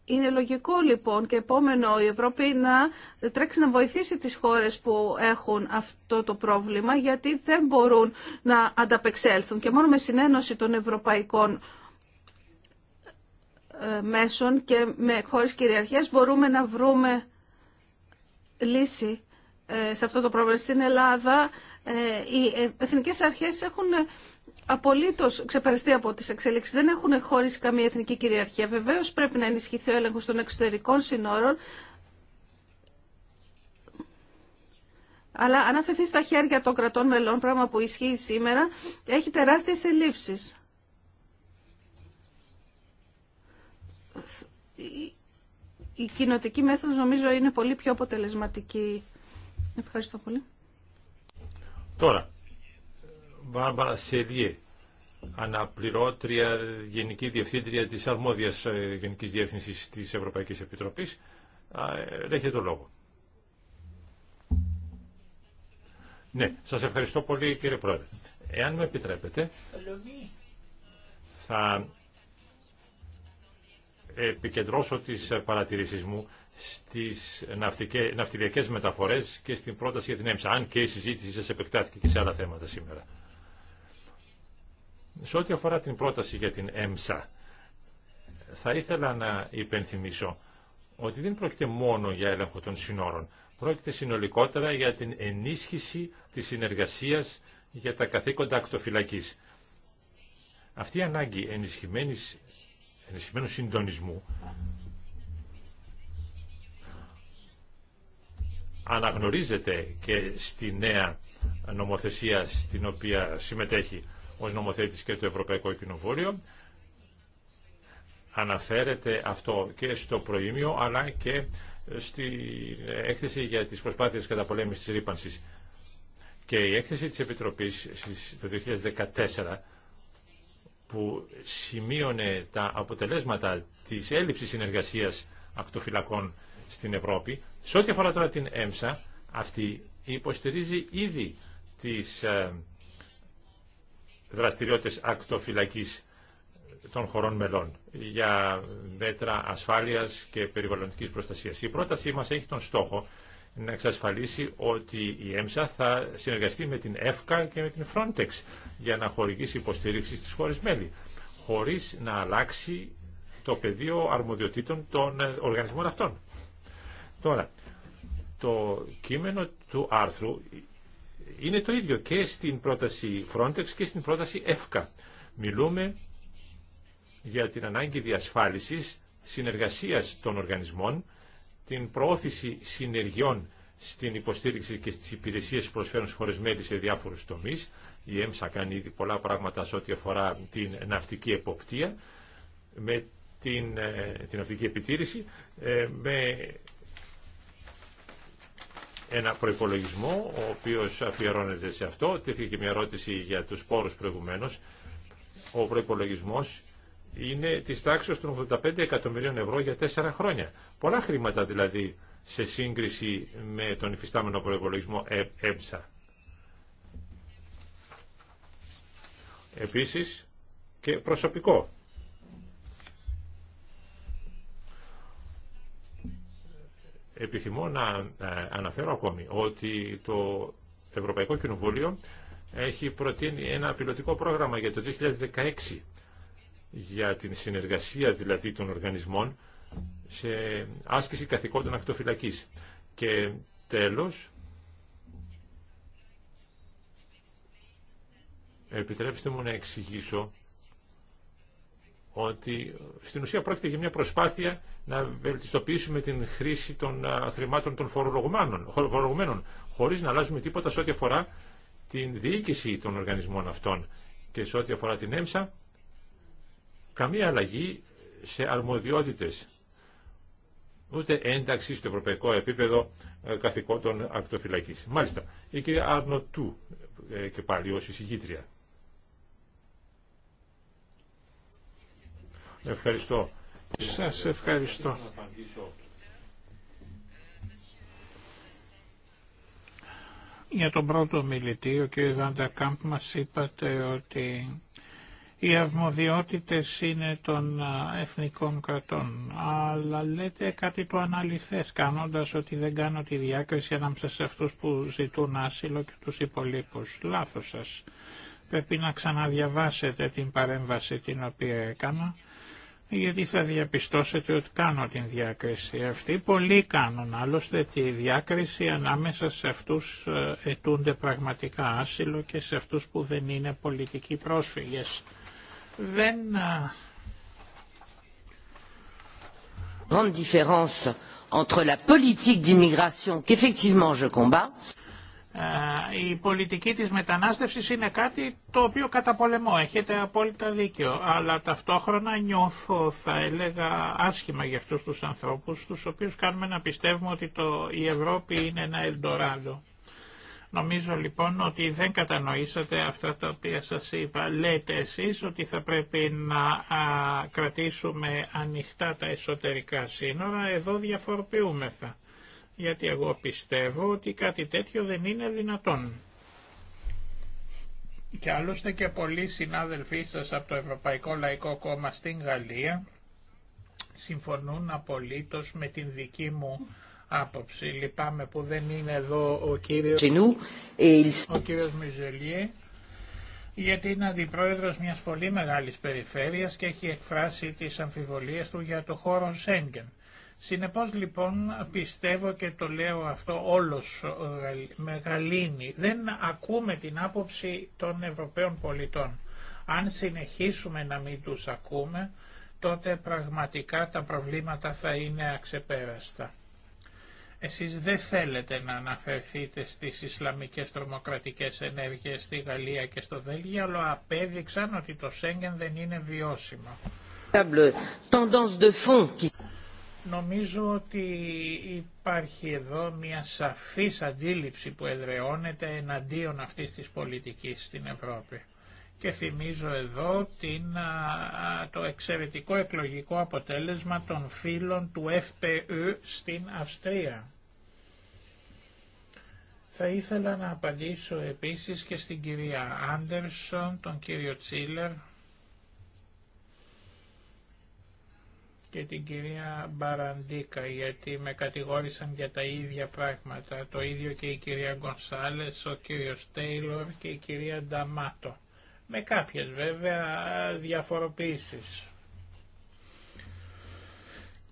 Είναι λογικό λοιπόν και επόμενο η Ευρώπη να τρέξει να βοηθήσει τις χώρες που έχουν αυτό το πρόβλημα γιατί δεν μπορούν να ανταπεξέλθουν και μόνο με συνένωση των ευρωπαϊκών ε, μέσων και με χώρες κυριαρχίας μπορούμε να βρούμε λύση ε, σε αυτό το πρόβλημα. Στην Ελλάδα ε, οι ε, εθνικές αρχές έχουν ε, απολύτω ξεπεραστεί από τι εξέλιξει. Δεν έχουν χώρισει καμία εθνική κυριαρχία. Βεβαίω πρέπει να ενισχυθεί ο έλεγχο των εξωτερικών συνόρων. Αλλά αν αφαιθεί στα χέρια των κρατών μελών, πράγμα που ισχύει σήμερα, έχει τεράστιε ελλείψει. Η κοινοτική μέθοδος νομίζω είναι πολύ πιο αποτελεσματική. Ευχαριστώ πολύ. Τώρα, Μπάρμπαρα Σεδιέ, αναπληρώτρια Γενική Διευθύντρια της Αρμόδιας ε, Γενικής Διεύθυνσης της Ευρωπαϊκής Επιτροπής, ε, έχετε το λόγο. Ναι, σας ευχαριστώ πολύ κύριε Πρόεδρε. Εάν με επιτρέπετε, θα επικεντρώσω τις παρατηρήσεις μου στις ναυτιλιακές μεταφορές και στην πρόταση για την ΕΜΣΑ αν και η συζήτηση σας επεκτάθηκε και σε άλλα θέματα σήμερα. Σε ό,τι αφορά την πρόταση για την ΕΜΣΑ θα ήθελα να υπενθυμίσω ότι δεν πρόκειται μόνο για έλεγχο των συνόρων. Πρόκειται συνολικότερα για την ενίσχυση της συνεργασίας για τα καθήκοντα ακτοφυλακής. Αυτή η ανάγκη ενισχυμένου συντονισμού αναγνωρίζεται και στη νέα νομοθεσία στην οποία συμμετέχει ως νομοθέτης και το Ευρωπαϊκό Κοινοβούλιο. Αναφέρεται αυτό και στο προήμιο αλλά και στη έκθεση για τις προσπάθειες καταπολέμησης της ρήπανσης. Και η έκθεση της Επιτροπής το 2014 που σημείωνε τα αποτελέσματα της έλλειψης συνεργασίας ακτοφυλακών στην Ευρώπη. Σε ό,τι αφορά τώρα την ΕΜΣΑ, αυτή υποστηρίζει ήδη τις ε, δραστηριότητες ακτοφυλακής των χωρών μελών για μέτρα ασφάλειας και περιβαλλοντικής προστασίας. Η πρότασή μας έχει τον στόχο να εξασφαλίσει ότι η ΕΜΣΑ θα συνεργαστεί με την ΕΦΚΑ και με την Frontex για να χορηγήσει υποστήριξη στις χώρες μέλη, χωρίς να αλλάξει το πεδίο αρμοδιοτήτων των ε, οργανισμών αυτών. Τώρα, το κείμενο του άρθρου είναι το ίδιο και στην πρόταση Frontex και στην πρόταση ΕΦΚΑ. Μιλούμε για την ανάγκη διασφάλισης συνεργασίας των οργανισμών, την προώθηση συνεργειών στην υποστήριξη και στις υπηρεσίες που προσφέρουν στις χώρες μέλη σε διάφορους τομείς. Η ΕΜΣΑ κάνει ήδη πολλά πράγματα σε ό,τι αφορά την ναυτική εποπτεία, με την, ε, την ναυτική επιτήρηση, ε, με ένα προπολογισμό ο οποίος αφιερώνεται σε αυτό. Τέθηκε και μια ερώτηση για τους πόρου προηγουμένω. Ο προπολογισμό είναι της τάξη των 85 εκατομμυρίων ευρώ για τέσσερα χρόνια. Πολλά χρήματα δηλαδή σε σύγκριση με τον υφιστάμενο προπολογισμό ε, ΕΜΣΑ. Επίσης και προσωπικό. Επιθυμώ να ε, αναφέρω ακόμη ότι το Ευρωπαϊκό Κοινοβούλιο έχει προτείνει ένα πιλωτικό πρόγραμμα για το 2016 για την συνεργασία δηλαδή των οργανισμών σε άσκηση καθηκόντων ακτοφυλακής. Και τέλος, επιτρέψτε μου να εξηγήσω ότι στην ουσία πρόκειται για μια προσπάθεια να βελτιστοποιήσουμε την χρήση των χρημάτων των φορολογουμένων, χωρίς να αλλάζουμε τίποτα σε ό,τι αφορά την διοίκηση των οργανισμών αυτών και σε ό,τι αφορά την έμσα, καμία αλλαγή σε αρμοδιότητες, ούτε ένταξη στο ευρωπαϊκό επίπεδο ε, καθηκόντων ακτοφυλακής. Μάλιστα, η κυρία Αρνοτού ε, και πάλι ως εισηγήτρια. Ευχαριστώ. Σας ευχαριστώ. Για τον πρώτο μιλητή, ο κ. κάμπ μας είπατε ότι οι αρμοδιότητες είναι των εθνικών κρατών, αλλά λέτε κάτι το αναλυθές, κάνοντας ότι δεν κάνω τη διάκριση ανάμεσα σε αυτούς που ζητούν άσυλο και τους υπολείπους. Λάθος σας. Πρέπει να ξαναδιαβάσετε την παρέμβαση την οποία έκανα γιατί θα διαπιστώσετε ότι κάνω την διάκριση αυτή. Πολλοί κάνουν άλλωστε τη διάκριση ανάμεσα σε αυτούς ε, ετούνται πραγματικά άσυλο και σε αυτούς που δεν είναι πολιτικοί πρόσφυγες. Δεν... Ε, Grande différence entre la politique d'immigration qu'effectivement je combats ε, η πολιτική της μετανάστευσης είναι κάτι το οποίο καταπολεμώ, έχετε απόλυτα δίκιο, αλλά ταυτόχρονα νιώθω, θα έλεγα, άσχημα για αυτούς τους ανθρώπους, τους οποίους κάνουμε να πιστεύουμε ότι το, η Ευρώπη είναι ένα ελντοράδο. Νομίζω λοιπόν ότι δεν κατανοήσατε αυτά τα οποία σας είπα. Λέτε εσείς ότι θα πρέπει να κρατήσουμε ανοιχτά τα εσωτερικά σύνορα, εδώ διαφοροποιούμεθα γιατί εγώ πιστεύω ότι κάτι τέτοιο δεν είναι δυνατόν. Και άλλωστε και πολλοί συνάδελφοί σας από το Ευρωπαϊκό Λαϊκό Κόμμα στην Γαλλία συμφωνούν απολύτως με την δική μου άποψη. Λυπάμαι που δεν είναι εδώ ο κύριος, ο Μιζελιέ, γιατί είναι αντιπρόεδρος μιας πολύ μεγάλης περιφέρειας και έχει εκφράσει τις αμφιβολίες του για το χώρο Σέγγεν. Συνεπώς λοιπόν πιστεύω και το λέω αυτό όλος μεγαλύνει. Δεν ακούμε την άποψη των Ευρωπαίων πολιτών. Αν συνεχίσουμε να μην τους ακούμε, τότε πραγματικά τα προβλήματα θα είναι αξεπέραστα. Εσείς δεν θέλετε να αναφερθείτε στις Ισλαμικές τρομοκρατικές ενέργειες στη Γαλλία και στο Βέλγιο, αλλά απέδειξαν ότι το Σέγγεν δεν είναι βιώσιμο. Νομίζω ότι υπάρχει εδώ μια σαφής αντίληψη που εδραιώνεται εναντίον αυτής της πολιτικής στην Ευρώπη. Και θυμίζω εδώ την, το εξαιρετικό εκλογικό αποτέλεσμα των φίλων του FPU στην Αυστρία. Θα ήθελα να απαντήσω επίσης και στην κυρία Άντερσον, τον κύριο Τσίλερ, και την κυρία Μπαραντίκα γιατί με κατηγόρησαν για τα ίδια πράγματα. Το ίδιο και η κυρία Γκονσάλες, ο κύριος Τέιλορ και η κυρία Νταμάτο. Με κάποιες βέβαια διαφοροποίησεις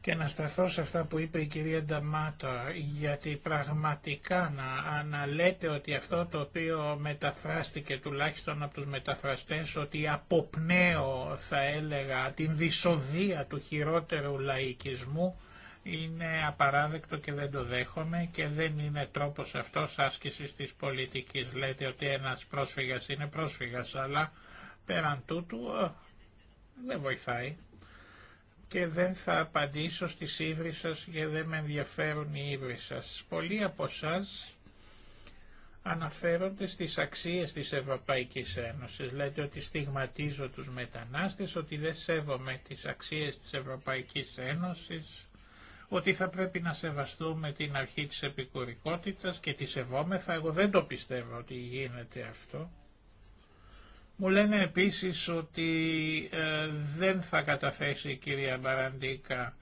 και να σταθώ σε αυτά που είπε η κυρία Νταμάτα, γιατί πραγματικά να αναλέτε ότι αυτό το οποίο μεταφράστηκε τουλάχιστον από τους μεταφραστές, ότι αποπνέω θα έλεγα την δυσοδεία του χειρότερου λαϊκισμού, είναι απαράδεκτο και δεν το δέχομαι και δεν είναι τρόπος αυτός άσκησης της πολιτικής. Λέτε ότι ένας πρόσφυγας είναι πρόσφυγας, αλλά πέραν τούτου ε, δεν βοηθάει και δεν θα απαντήσω στις ύβρις σας και δεν με ενδιαφέρουν οι ύβρις σας. Πολλοί από εσά αναφέρονται στις αξίες της Ευρωπαϊκής Ένωσης. Λέτε ότι στιγματίζω τους μετανάστες, ότι δεν σέβομαι τις αξίες της Ευρωπαϊκής Ένωσης, ότι θα πρέπει να σεβαστούμε την αρχή της επικουρικότητας και τη σεβόμεθα. Εγώ δεν το πιστεύω ότι γίνεται αυτό. Μου λένε επίσης ότι ε, δεν θα καταθέσει η κυρία Μπαραντίκα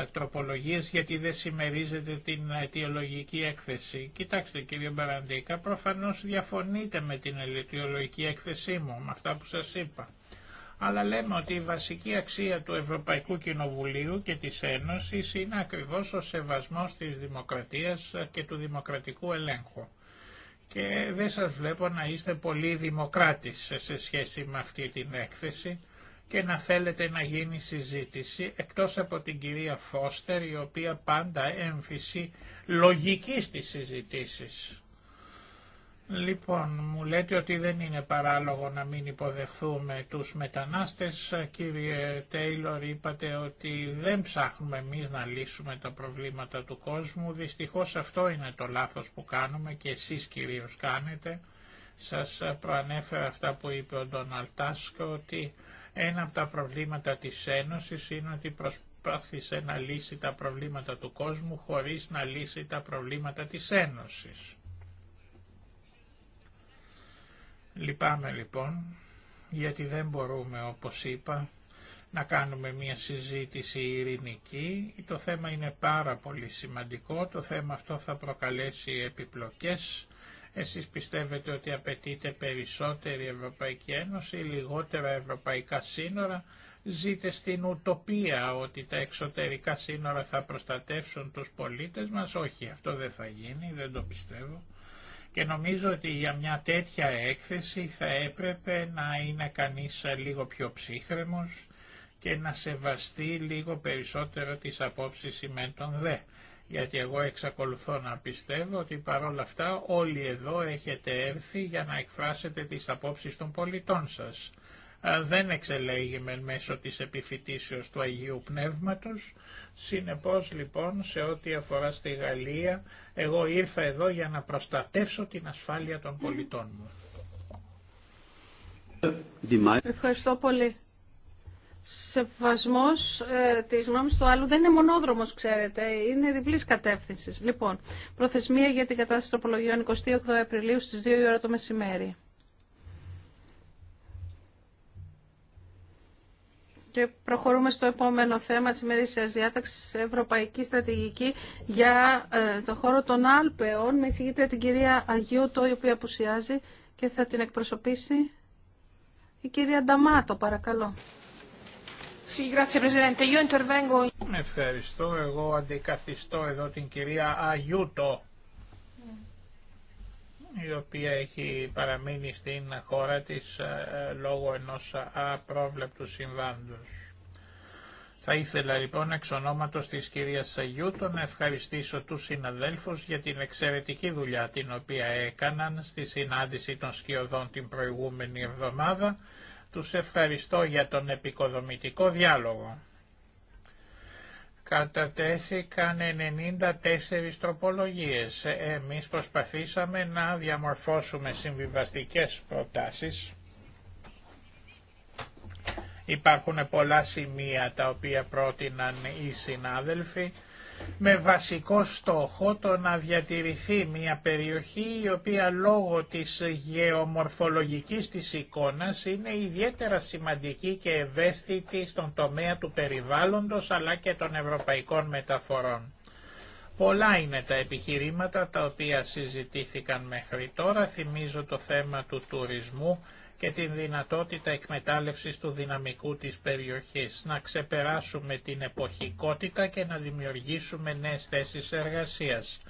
ε, τροπολογίες γιατί δεν συμμερίζεται την αιτιολογική έκθεση. Κοιτάξτε κύριε Μπαραντίκα, προφανώς διαφωνείτε με την αιτιολογική έκθεσή μου, με αυτά που σας είπα. Αλλά λέμε ότι η βασική αξία του Ευρωπαϊκού Κοινοβουλίου και της Ένωσης είναι ακριβώς ο σεβασμός της δημοκρατίας και του δημοκρατικού ελέγχου και δεν σας βλέπω να είστε πολύ δημοκράτης σε σχέση με αυτή την έκθεση και να θέλετε να γίνει συζήτηση εκτός από την κυρία Φώστερ η οποία πάντα έμφυση λογικής στις συζητήσεις. Λοιπόν, μου λέτε ότι δεν είναι παράλογο να μην υποδεχθούμε τους μετανάστες. Κύριε Τέιλορ, είπατε ότι δεν ψάχνουμε εμείς να λύσουμε τα προβλήματα του κόσμου. Δυστυχώς αυτό είναι το λάθος που κάνουμε και εσείς κυρίως κάνετε. Σας προανέφερα αυτά που είπε ο Ντόναλτ Τάσκο, ότι ένα από τα προβλήματα της Ένωσης είναι ότι προσπάθησε να λύσει τα προβλήματα του κόσμου χωρίς να λύσει τα προβλήματα της Ένωσης. Λυπάμαι λοιπόν γιατί δεν μπορούμε όπως είπα να κάνουμε μια συζήτηση ειρηνική. Το θέμα είναι πάρα πολύ σημαντικό, το θέμα αυτό θα προκαλέσει επιπλοκές. Εσείς πιστεύετε ότι απαιτείται περισσότερη Ευρωπαϊκή Ένωση, λιγότερα ευρωπαϊκά σύνορα. Ζείτε στην ουτοπία ότι τα εξωτερικά σύνορα θα προστατεύσουν τους πολίτες μας. Όχι, αυτό δεν θα γίνει, δεν το πιστεύω. Και νομίζω ότι για μια τέτοια έκθεση θα έπρεπε να είναι κανείς λίγο πιο ψύχρεμος και να σεβαστεί λίγο περισσότερο τις απόψεις ημέν δε. Γιατί εγώ εξακολουθώ να πιστεύω ότι παρόλα αυτά όλοι εδώ έχετε έρθει για να εκφράσετε τις απόψεις των πολιτών σας δεν εξελέγει με μέσω της επιφυτίσεως του Αγίου Πνεύματος. Συνεπώς λοιπόν σε ό,τι αφορά στη Γαλλία, εγώ ήρθα εδώ για να προστατεύσω την ασφάλεια των πολιτών μου. Ευχαριστώ πολύ. Σεβασμός ε, της γνώμης του άλλου δεν είναι μονόδρομος, ξέρετε, είναι διπλής κατεύθυνσης. Λοιπόν, προθεσμία για την κατάσταση τροπολογιών 28 Απριλίου στις 2 η ώρα το μεσημέρι. Και προχωρούμε στο επόμενο θέμα της ημερήσιας διάταξης Ευρωπαϊκή Στρατηγική για ε, το χώρο των Άλπαιων με εισηγήτρια την κυρία Αγιώτο η οποία απουσιάζει και θα την εκπροσωπήσει η κυρία Νταμάτο παρακαλώ. Ευχαριστώ. Εγώ αντικαθιστώ εδώ την κυρία Αγιούτο η οποία έχει παραμείνει στην χώρα της ε, λόγω ενός απρόβλεπτου συμβάντος. Θα ήθελα λοιπόν εξ ονόματος της κυρίας Σαγιούτο να ευχαριστήσω τους συναδέλφους για την εξαιρετική δουλειά την οποία έκαναν στη συνάντηση των σκιωδών την προηγούμενη εβδομάδα. Τους ευχαριστώ για τον επικοδομητικό διάλογο κατατέθηκαν 94 τροπολογίες. Εμείς προσπαθήσαμε να διαμορφώσουμε συμβιβαστικές προτάσεις. Υπάρχουν πολλά σημεία τα οποία πρότειναν οι συνάδελφοι με βασικό στόχο το να διατηρηθεί μια περιοχή η οποία λόγω της γεωμορφολογικής της εικόνας είναι ιδιαίτερα σημαντική και ευαίσθητη στον τομέα του περιβάλλοντος αλλά και των ευρωπαϊκών μεταφορών. Πολλά είναι τα επιχειρήματα τα οποία συζητήθηκαν μέχρι τώρα. Θυμίζω το θέμα του τουρισμού και την δυνατότητα εκμετάλλευσης του δυναμικού της περιοχής, να ξεπεράσουμε την εποχικότητα και να δημιουργήσουμε νέες θέσεις εργασίας,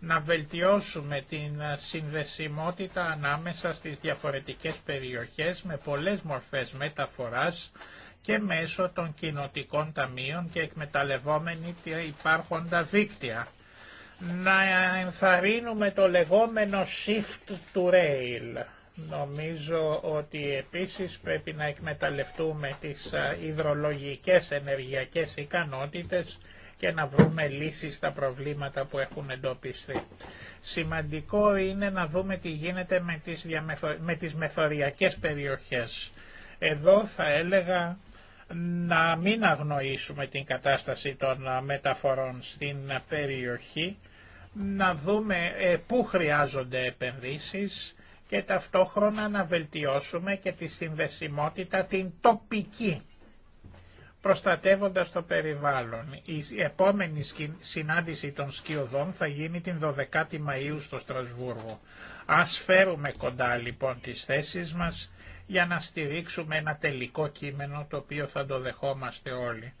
να βελτιώσουμε την συνδεσιμότητα ανάμεσα στις διαφορετικές περιοχές με πολλές μορφές μεταφοράς και μέσω των κοινοτικών ταμείων και εκμεταλλευόμενοι υπάρχοντα δίκτυα. Να ενθαρρύνουμε το λεγόμενο shift to rail Νομίζω ότι επίσης πρέπει να εκμεταλλευτούμε τις υδρολογικές ενεργειακές ικανότητες και να βρούμε λύσεις στα προβλήματα που έχουν εντοπιστεί. Σημαντικό είναι να δούμε τι γίνεται με τις, διαμεθο... με μεθοριακές περιοχές. Εδώ θα έλεγα να μην αγνοήσουμε την κατάσταση των μεταφορών στην περιοχή, να δούμε ε, πού χρειάζονται επενδύσεις, και ταυτόχρονα να βελτιώσουμε και τη συνδεσιμότητα την τοπική προστατεύοντας το περιβάλλον. Η επόμενη συνάντηση των σκιωδών θα γίνει την 12η Μαΐου στο Στρασβούργο. Ας φέρουμε κοντά λοιπόν τις θέσεις μας για να στηρίξουμε ένα τελικό κείμενο το οποίο θα το δεχόμαστε όλοι.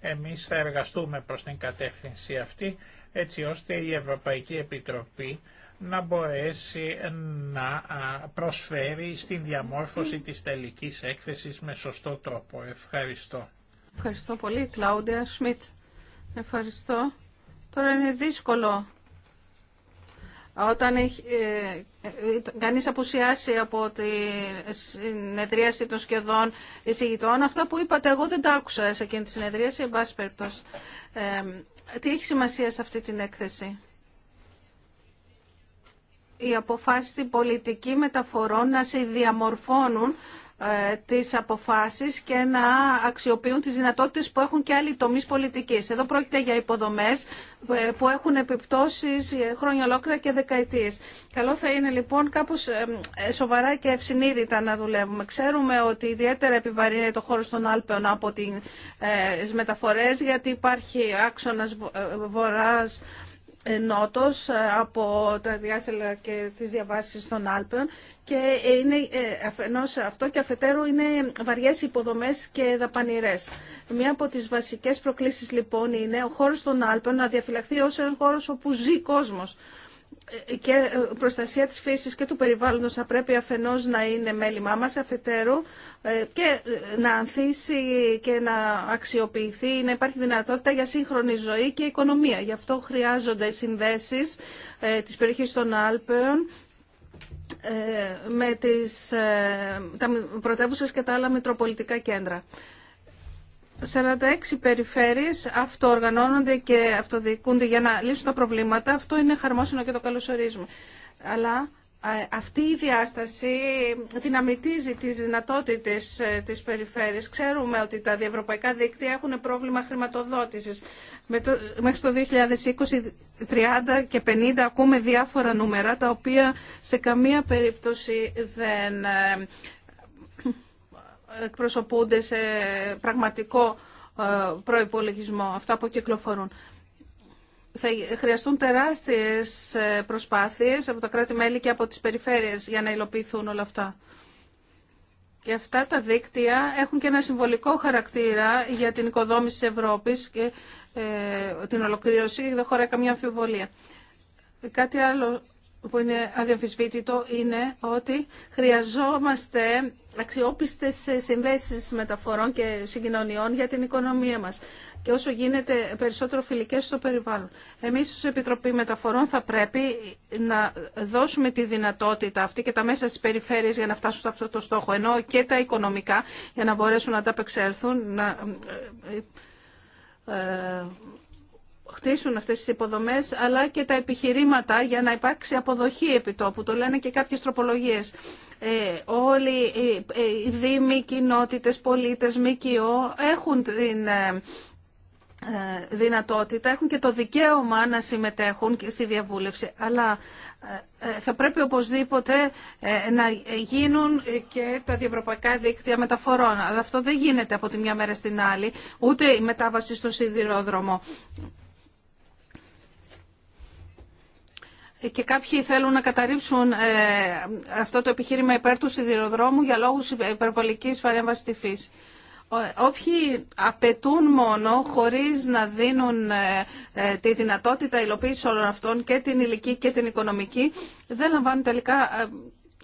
Εμείς θα εργαστούμε προς την κατεύθυνση αυτή έτσι ώστε η Ευρωπαϊκή Επιτροπή να μπορέσει να προσφέρει στην διαμόρφωση της τελικής έκθεσης με σωστό τρόπο. Ευχαριστώ. Ευχαριστώ πολύ, Κλάουντια Σμιτ. Ευχαριστώ. Τώρα είναι δύσκολο όταν ε, ε, κανείς απουσιάσει από τη συνεδρίαση των σχεδόν εισηγητών, αυτά που είπατε εγώ δεν τα άκουσα σε εκείνη τη συνεδρίαση, εν ε, τι έχει σημασία σε αυτή την έκθεση οι αποφάσεις στην πολιτική μεταφορών να συνδιαμορφώνουν ε, τις αποφάσεις και να αξιοποιούν τις δυνατότητες που έχουν και άλλοι τομείς πολιτικής. Εδώ πρόκειται για υποδομές ε, που έχουν επιπτώσεις ε, χρόνια ολόκληρα και δεκαετίες. Καλό θα είναι λοιπόν κάπως σοβαρά και ευσυνείδητα να δουλεύουμε. Ξέρουμε ότι ιδιαίτερα επιβαρύνει το χώρο των Άλπαιων από τις μεταφορές γιατί υπάρχει άξονας βορράς νότος ε, από τα διάσελα και τις διαβάσεις των Άλπαιων και είναι, ε, αυτό και αφετέρου είναι βαριές υποδομές και δαπανηρές. Μία από τις βασικές προκλήσεις λοιπόν είναι ο χώρος των Άλπαιων να διαφυλαχθεί ως ένας χώρος όπου ζει κόσμος και ε, προστασία της φύσης και του περιβάλλοντος θα πρέπει αφενός να είναι μέλημά μας αφετέρου ε, και ε, να ανθίσει και να αξιοποιηθεί, να υπάρχει δυνατότητα για σύγχρονη ζωή και οικονομία. Γι' αυτό χρειάζονται συνδέσεις της περιοχής των Άλπαιων με τις, τα πρωτεύουσες και τα άλλα μητροπολιτικά κέντρα. 46 περιφέρειες αυτοοργανώνονται και αυτοδιοικούνται για να λύσουν τα προβλήματα. Αυτό είναι χαρμόσυνο και το καλωσορίζουμε. Αλλά αυτή η διάσταση δυναμητίζει τις δυνατότητες ε, της περιφέρειας. Ξέρουμε ότι τα διευρωπαϊκά δίκτυα έχουν πρόβλημα χρηματοδότησης. Μέχρι το 2020, 30 και 50 ακούμε διάφορα νούμερα, τα οποία σε καμία περίπτωση δεν ε, εκπροσωπούνται σε πραγματικό ε, προϋπολογισμό, αυτά που κυκλοφορούν. Θα χρειαστούν τεράστιες ε, προσπάθειες από τα κράτη-μέλη και από τις περιφέρειες για να υλοποιηθούν όλα αυτά. Και αυτά τα δίκτυα έχουν και ένα συμβολικό χαρακτήρα για την οικοδόμηση της Ευρώπης και ε, την ολοκλήρωση, δεν χωράει καμία αμφιβολία. Κάτι άλλο που είναι αδιαμφισβήτητο είναι ότι χρειαζόμαστε αξιόπιστες συνδέσεις μεταφορών και συγκοινωνιών για την οικονομία μας και όσο γίνεται περισσότερο φιλικές στο περιβάλλον. Εμείς ως Επιτροπή Μεταφορών θα πρέπει να δώσουμε τη δυνατότητα αυτή και τα μέσα στις περιφέρειες για να φτάσουν σε αυτό το στόχο, ενώ και τα οικονομικά για να μπορέσουν να ανταπεξέλθουν, να ε, ε, ε, χτίσουν αυτές τις υποδομές, αλλά και τα επιχειρήματα για να υπάρξει αποδοχή επιτόπου. Το λένε και κάποιες τροπολογίες. Ε, όλοι ε, οι δήμοι, κοινότητες, πολίτες, ΜΚΟ έχουν την ε, δυνατότητα, έχουν και το δικαίωμα να συμμετέχουν στη διαβούλευση. Αλλά θα πρέπει οπωσδήποτε να γίνουν και τα διευρωπαϊκά δίκτυα μεταφορών. Αλλά αυτό δεν γίνεται από τη μια μέρα στην άλλη, ούτε η μετάβαση στο σιδηρόδρομο. και κάποιοι θέλουν να καταρρύψουν ε, αυτό το επιχείρημα υπέρ του σιδηροδρόμου για λόγους υπερβολικής παρέμβασης στη φύση. Όποιοι απαιτούν μόνο, χωρίς να δίνουν ε, ε, τη δυνατότητα υλοποίησης όλων αυτών και την ηλική και την οικονομική, δεν λαμβάνουν τελικά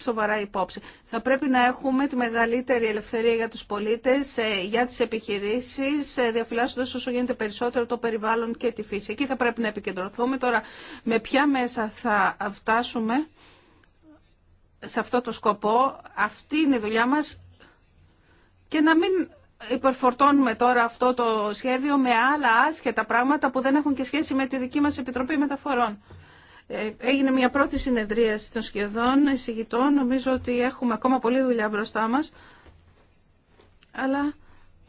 σοβαρά υπόψη. Θα πρέπει να έχουμε τη μεγαλύτερη ελευθερία για τους πολίτες, ε, για τις επιχειρήσεις, ε, διαφυλάσσοντας όσο γίνεται περισσότερο το περιβάλλον και τη φύση. Εκεί θα πρέπει να επικεντρωθούμε. Τώρα με ποια μέσα θα φτάσουμε σε αυτό το σκοπό. Αυτή είναι η δουλειά μας και να μην υπερφορτώνουμε τώρα αυτό το σχέδιο με άλλα άσχετα πράγματα που δεν έχουν και σχέση με τη δική μας Επιτροπή Μεταφορών. Ε, έγινε μια πρώτη συνεδρία των σχεδόν εισηγητών. Νομίζω ότι έχουμε ακόμα πολλή δουλειά μπροστά μας. Αλλά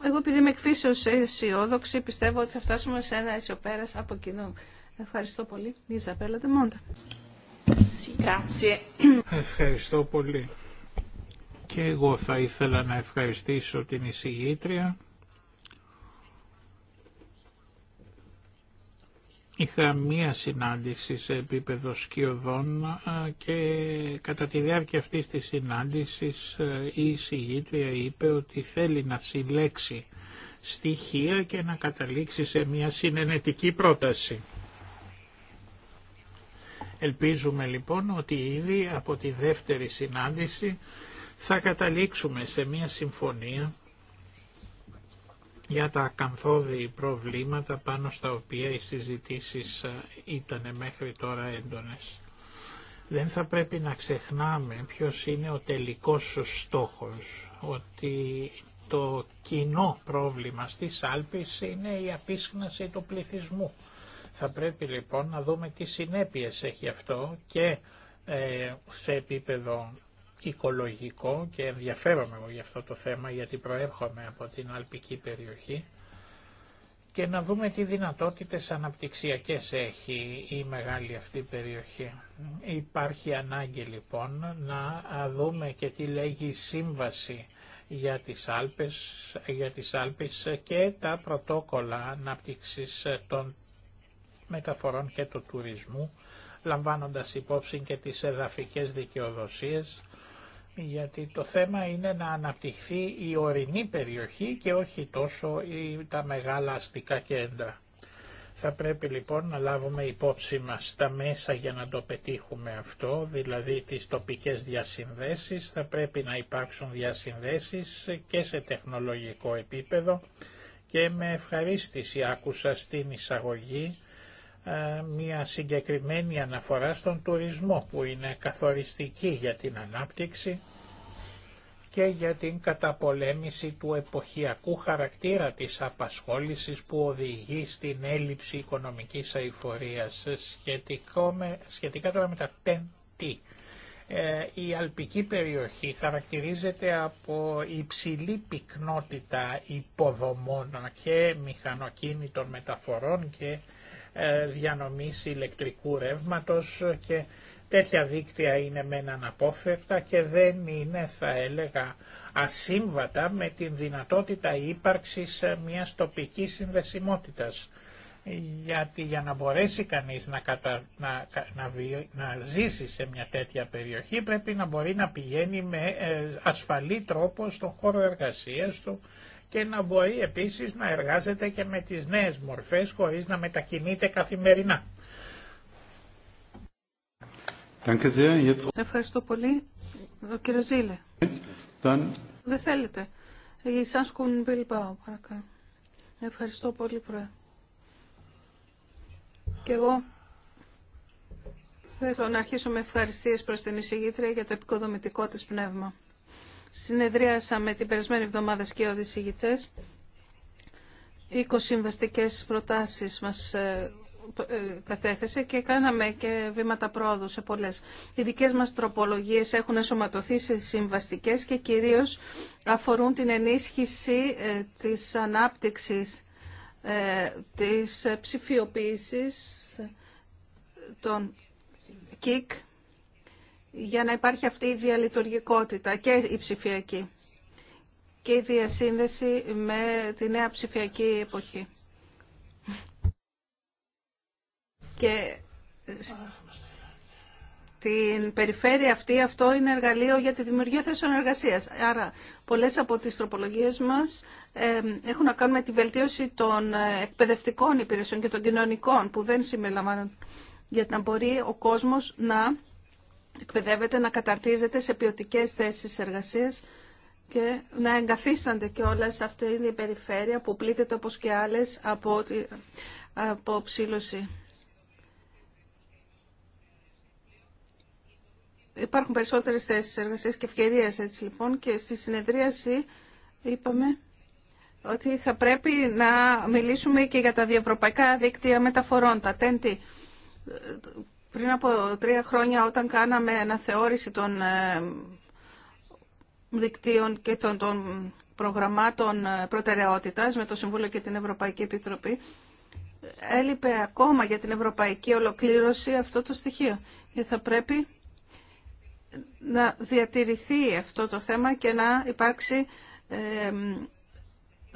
εγώ επειδή είμαι εκφύσεως αισιόδοξη πιστεύω ότι θα φτάσουμε σε ένα αισιοπέρας από κοινού. Ευχαριστώ πολύ. Ιζαπέλα Ντεμόντα. Ευχαριστώ πολύ. Και εγώ θα ήθελα να ευχαριστήσω την εισηγήτρια Είχα μία συνάντηση σε επίπεδο σκιωδών και κατά τη διάρκεια αυτής της συνάντησης η συγγήτρια είπε ότι θέλει να συλλέξει στοιχεία και να καταλήξει σε μία συνενετική πρόταση. Ελπίζουμε λοιπόν ότι ήδη από τη δεύτερη συνάντηση θα καταλήξουμε σε μία συμφωνία για τα ακαθόδη προβλήματα πάνω στα οποία οι συζητήσεις ε, ήταν μέχρι τώρα έντονες. Δεν θα πρέπει να ξεχνάμε ποιος είναι ο τελικός στόχος, ότι το κοινό πρόβλημα στις Άλπεις είναι η απίσχναση του πληθυσμού. Θα πρέπει λοιπόν να δούμε τι συνέπειες έχει αυτό και ε, σε επίπεδο οικολογικό και ενδιαφέρομαι εγώ για αυτό το θέμα γιατί προέρχομαι από την αλπική περιοχή και να δούμε τι δυνατότητες αναπτυξιακές έχει η μεγάλη αυτή περιοχή. Υπάρχει ανάγκη λοιπόν να δούμε και τι λέγει η σύμβαση για τις Άλπες, για τις Άλπες και τα πρωτόκολλα ανάπτυξης των μεταφορών και του τουρισμού, λαμβάνοντας υπόψη και τις εδαφικές δικαιοδοσίες, γιατί το θέμα είναι να αναπτυχθεί η ορεινή περιοχή και όχι τόσο η, τα μεγάλα αστικά κέντρα. Θα πρέπει λοιπόν να λάβουμε υπόψη μας τα μέσα για να το πετύχουμε αυτό, δηλαδή τις τοπικές διασυνδέσεις, θα πρέπει να υπάρξουν διασυνδέσεις και σε τεχνολογικό επίπεδο και με ευχαρίστηση άκουσα στην εισαγωγή ε, μια συγκεκριμένη αναφορά στον τουρισμό που είναι καθοριστική για την ανάπτυξη και για την καταπολέμηση του εποχιακού χαρακτήρα της απασχόλησης που οδηγεί στην έλλειψη οικονομικής αηφορίας με, σχετικά τώρα με τα ten ε, Η αλπική περιοχή χαρακτηρίζεται από υψηλή πυκνότητα υποδομών και μηχανοκίνητων μεταφορών και ε, διανομής ηλεκτρικού ρεύματος και τέτοια δίκτυα είναι μεν αναπόφευκτα και δεν είναι θα έλεγα ασύμβατα με την δυνατότητα ύπαρξης ε, μιας τοπικής συνδεσιμότητας. Γιατί για να μπορέσει κανείς να, να... να, να ζήσει σε μια τέτοια περιοχή πρέπει να μπορεί να πηγαίνει με ε, ασφαλή τρόπο στον χώρο εργασίας του, και να μπορεί επίσης να εργάζεται και με τις νέες μορφές χωρίς να μετακινείται καθημερινά. Ευχαριστώ πολύ. Ο κύριο Ζήλε. Δεν θέλετε. Σάσκουν Ευχαριστώ πολύ, Και εγώ θέλω να αρχίσω με ευχαριστίες προς την εισηγήτρια για το επικοδομητικό της πνεύμα. Συνεδρίασαμε την περασμένη εβδομάδα και ηγητές, 20 συμβαστικές προτάσεις μας ε, ε, κατέθεσε και κάναμε και βήματα πρόοδου σε πολλές. Οι δικές μας τροπολογίες έχουν εσωματωθεί σε συμβαστικές και κυρίως αφορούν την ενίσχυση ε, της ανάπτυξης της ψηφιοποίησης των ΚΙΚ για να υπάρχει αυτή η διαλειτουργικότητα και η ψηφιακή και η διασύνδεση με τη νέα ψηφιακή εποχή. Και την περιφέρεια αυτή αυτό είναι εργαλείο για τη δημιουργία θέσεων εργασίας. Άρα πολλές από τις τροπολογίες μας έχουν να κάνουν με τη βελτίωση των ε, εκπαιδευτικών υπηρεσιών και των κοινωνικών που δεν συμμελαμβάνουν για να μπορεί ο κόσμος να εκπαιδεύεται, να καταρτίζεται σε ποιοτικέ θέσεις εργασία και να εγκαθίστανται κιόλα αυτή την περιφέρεια που πλήττεται όπως και άλλες από, από ψήλωση. Υπάρχουν περισσότερες θέσεις εργασίας και ευκαιρίες έτσι λοιπόν και στη συνεδρίαση είπαμε ότι θα πρέπει να μιλήσουμε και για τα διευρωπαϊκά δίκτυα μεταφορών, τα πριν από τρία χρόνια όταν κάναμε αναθεώρηση των ε, δικτύων και των, των προγραμμάτων ε, προτεραιότητας με το Συμβούλιο και την Ευρωπαϊκή Επιτροπή, έλειπε ακόμα για την ευρωπαϊκή ολοκλήρωση αυτό το στοιχείο. Και θα πρέπει να διατηρηθεί αυτό το θέμα και να υπάρξει ε,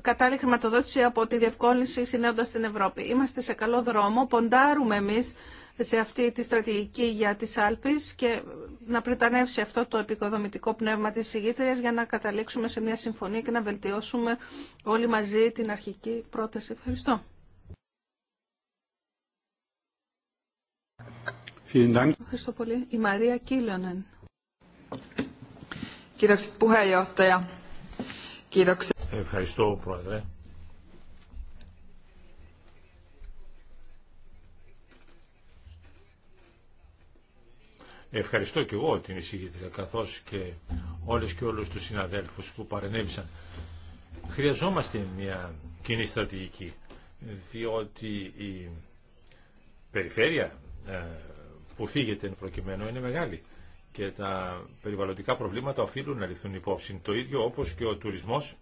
κατάλληλη χρηματοδότηση από τη διευκόλυνση συνέοντας στην Ευρώπη. Είμαστε σε καλό δρόμο, ποντάρουμε εμείς σε αυτή τη στρατηγική για τις Άλπεις και να πριτανεύσει αυτό το επικοδομητικό πνεύμα της ηγήτριας για να καταλήξουμε σε μια συμφωνία και να βελτιώσουμε όλοι μαζί την αρχική πρόταση. Ευχαριστώ. Ευχαριστώ πολύ. Η Μαρία Κίλιονεν. Ευχαριστώ, Πρόεδρε. Ευχαριστώ και εγώ την εισηγήτρια καθώς και όλες και όλους τους συναδέλφους που παρενέβησαν. Χρειαζόμαστε μια κοινή στρατηγική διότι η περιφέρεια ε, που θίγεται προκειμένου είναι μεγάλη και τα περιβαλλοντικά προβλήματα οφείλουν να λυθούν υπόψη. Το ίδιο όπως και ο τουρισμός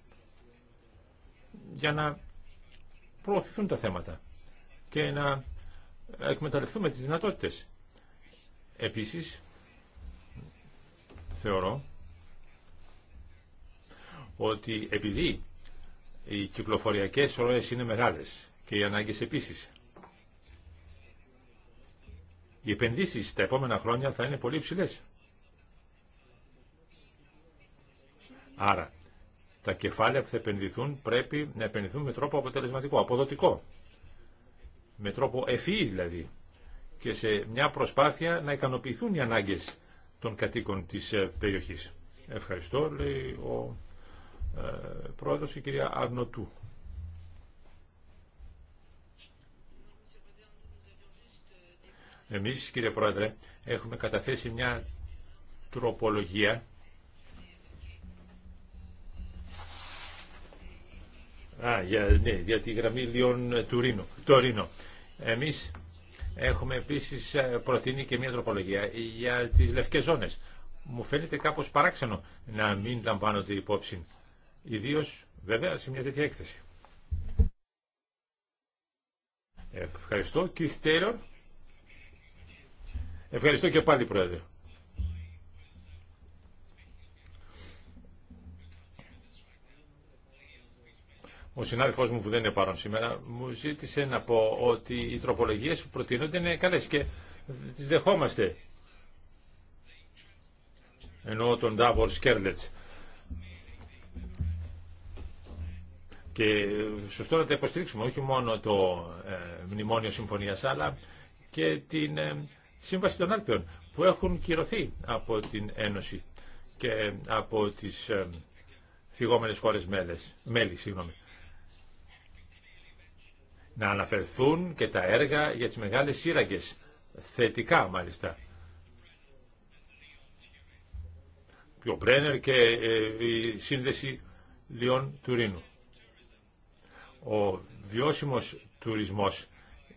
για να προωθηθούν τα θέματα και να εκμεταλλευτούμε τις δυνατότητες. Επίσης, θεωρώ ότι επειδή οι κυκλοφοριακές ροές είναι μεγάλες και οι ανάγκες επίσης, οι επενδύσεις τα επόμενα χρόνια θα είναι πολύ υψηλές. Άρα, τα κεφάλαια που θα επενδυθούν πρέπει να επενδυθούν με τρόπο αποτελεσματικό, αποδοτικό. Με τρόπο ευφυή δηλαδή και σε μια προσπάθεια να ικανοποιηθούν οι ανάγκες των κατοίκων της ε, περιοχής. Ευχαριστώ, λέει ο ε, πρόεδρος η κυρία Αρνοτού. Εμείς, κύριε Πρόεδρε, έχουμε καταθέσει μια τροπολογία Α, για, ναι, για τη γραμμή Λιών ε, Τουρίνο. Τωρίνο. Εμείς Έχουμε επίσης ε, προτείνει και μια τροπολογία για τις λευκές ζώνες. Μου φαίνεται κάπως παράξενο να μην λαμβάνονται υπόψη, Ιδίω βέβαια σε μια τέτοια έκθεση. Ευχαριστώ. κύριε Τέιλορ. Ευχαριστώ και πάλι, Πρόεδρε. Ο συνάδελφό μου που δεν είναι παρόν σήμερα μου ζήτησε να πω ότι οι τροπολογίες που προτείνονται είναι καλές και τις δεχόμαστε. ενώ τον Ντάβορ Σκέρλετ. Και σωστό να τα υποστηρίξουμε όχι μόνο το ε, Μνημόνιο συμφωνία, αλλά και την ε, Σύμβαση των Άλπιων που έχουν κυρωθεί από την Ένωση και από τις ε, φυγόμενες χώρες μέλη να αναφερθούν και τα έργα για τις μεγάλες σύραγγες, θετικά μάλιστα. ο Μπρένερ και ε, η σύνδεση Λιών Τουρίνου. Ο βιώσιμος τουρισμός,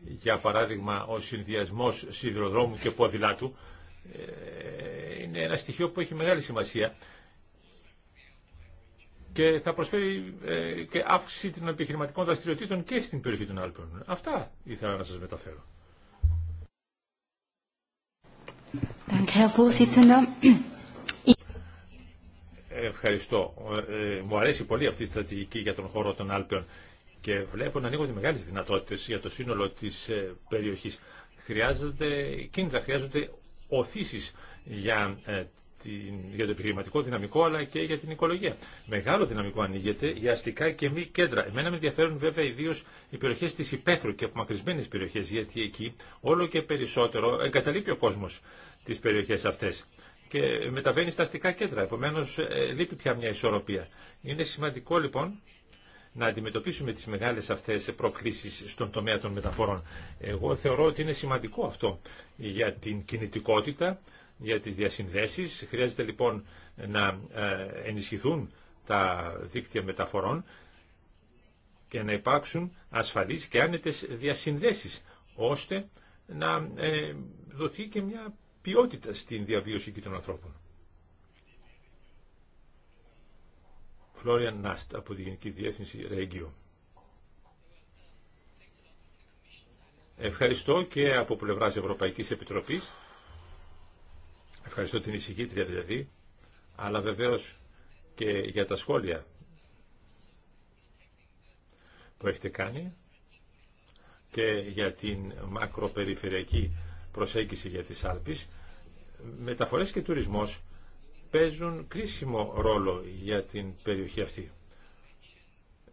για παράδειγμα ο συνδυασμός σιδηροδρόμου και ποδηλάτου, ε, είναι ένα στοιχείο που έχει μεγάλη σημασία και θα προσφέρει ε, και αύξηση των επιχειρηματικών δραστηριοτήτων και στην περιοχή των Άλπων. Αυτά ήθελα να σας μεταφέρω. Ευχαριστώ. Ε, μου αρέσει πολύ αυτή η στρατηγική για τον χώρο των Άλπαιων και βλέπω να ανοίγονται μεγάλες δυνατότητες για το σύνολο της ε, περιοχής. Χρειάζονται κίνητρα, χρειάζονται οθήσεις για για το επιχειρηματικό δυναμικό αλλά και για την οικολογία. Μεγάλο δυναμικό ανοίγεται για αστικά και μη κέντρα. Εμένα με ενδιαφέρουν βέβαια ιδίω οι περιοχέ τη υπαίθρου και απομακρυσμένε περιοχέ, γιατί εκεί όλο και περισσότερο εγκαταλείπει ο κόσμο τι περιοχέ αυτέ και μεταβαίνει στα αστικά κέντρα. Επομένω ε, λείπει πια μια ισορροπία. Είναι σημαντικό λοιπόν να αντιμετωπίσουμε τις μεγάλες αυτές προκλήσεις στον τομέα των μεταφορών. Εγώ θεωρώ ότι είναι σημαντικό αυτό για την κινητικότητα, για τις διασυνδέσεις. Χρειάζεται λοιπόν να ε, ενισχυθούν τα δίκτυα μεταφορών και να υπάρξουν ασφαλείς και άνετες διασυνδέσεις, ώστε να ε, δοθεί και μια ποιότητα στην διαβίωση και των ανθρώπων. Φλόριαν Νάστ από τη Γενική Διεύθυνση Ρέγγιο. Ευχαριστώ και από πλευράς Ευρωπαϊκής Επιτροπής Ευχαριστώ την εισηγήτρια δηλαδή, αλλά βεβαίως και για τα σχόλια που έχετε κάνει και για την μακροπεριφερειακή προσέγγιση για τις Άλπεις. Μεταφορές και τουρισμός παίζουν κρίσιμο ρόλο για την περιοχή αυτή.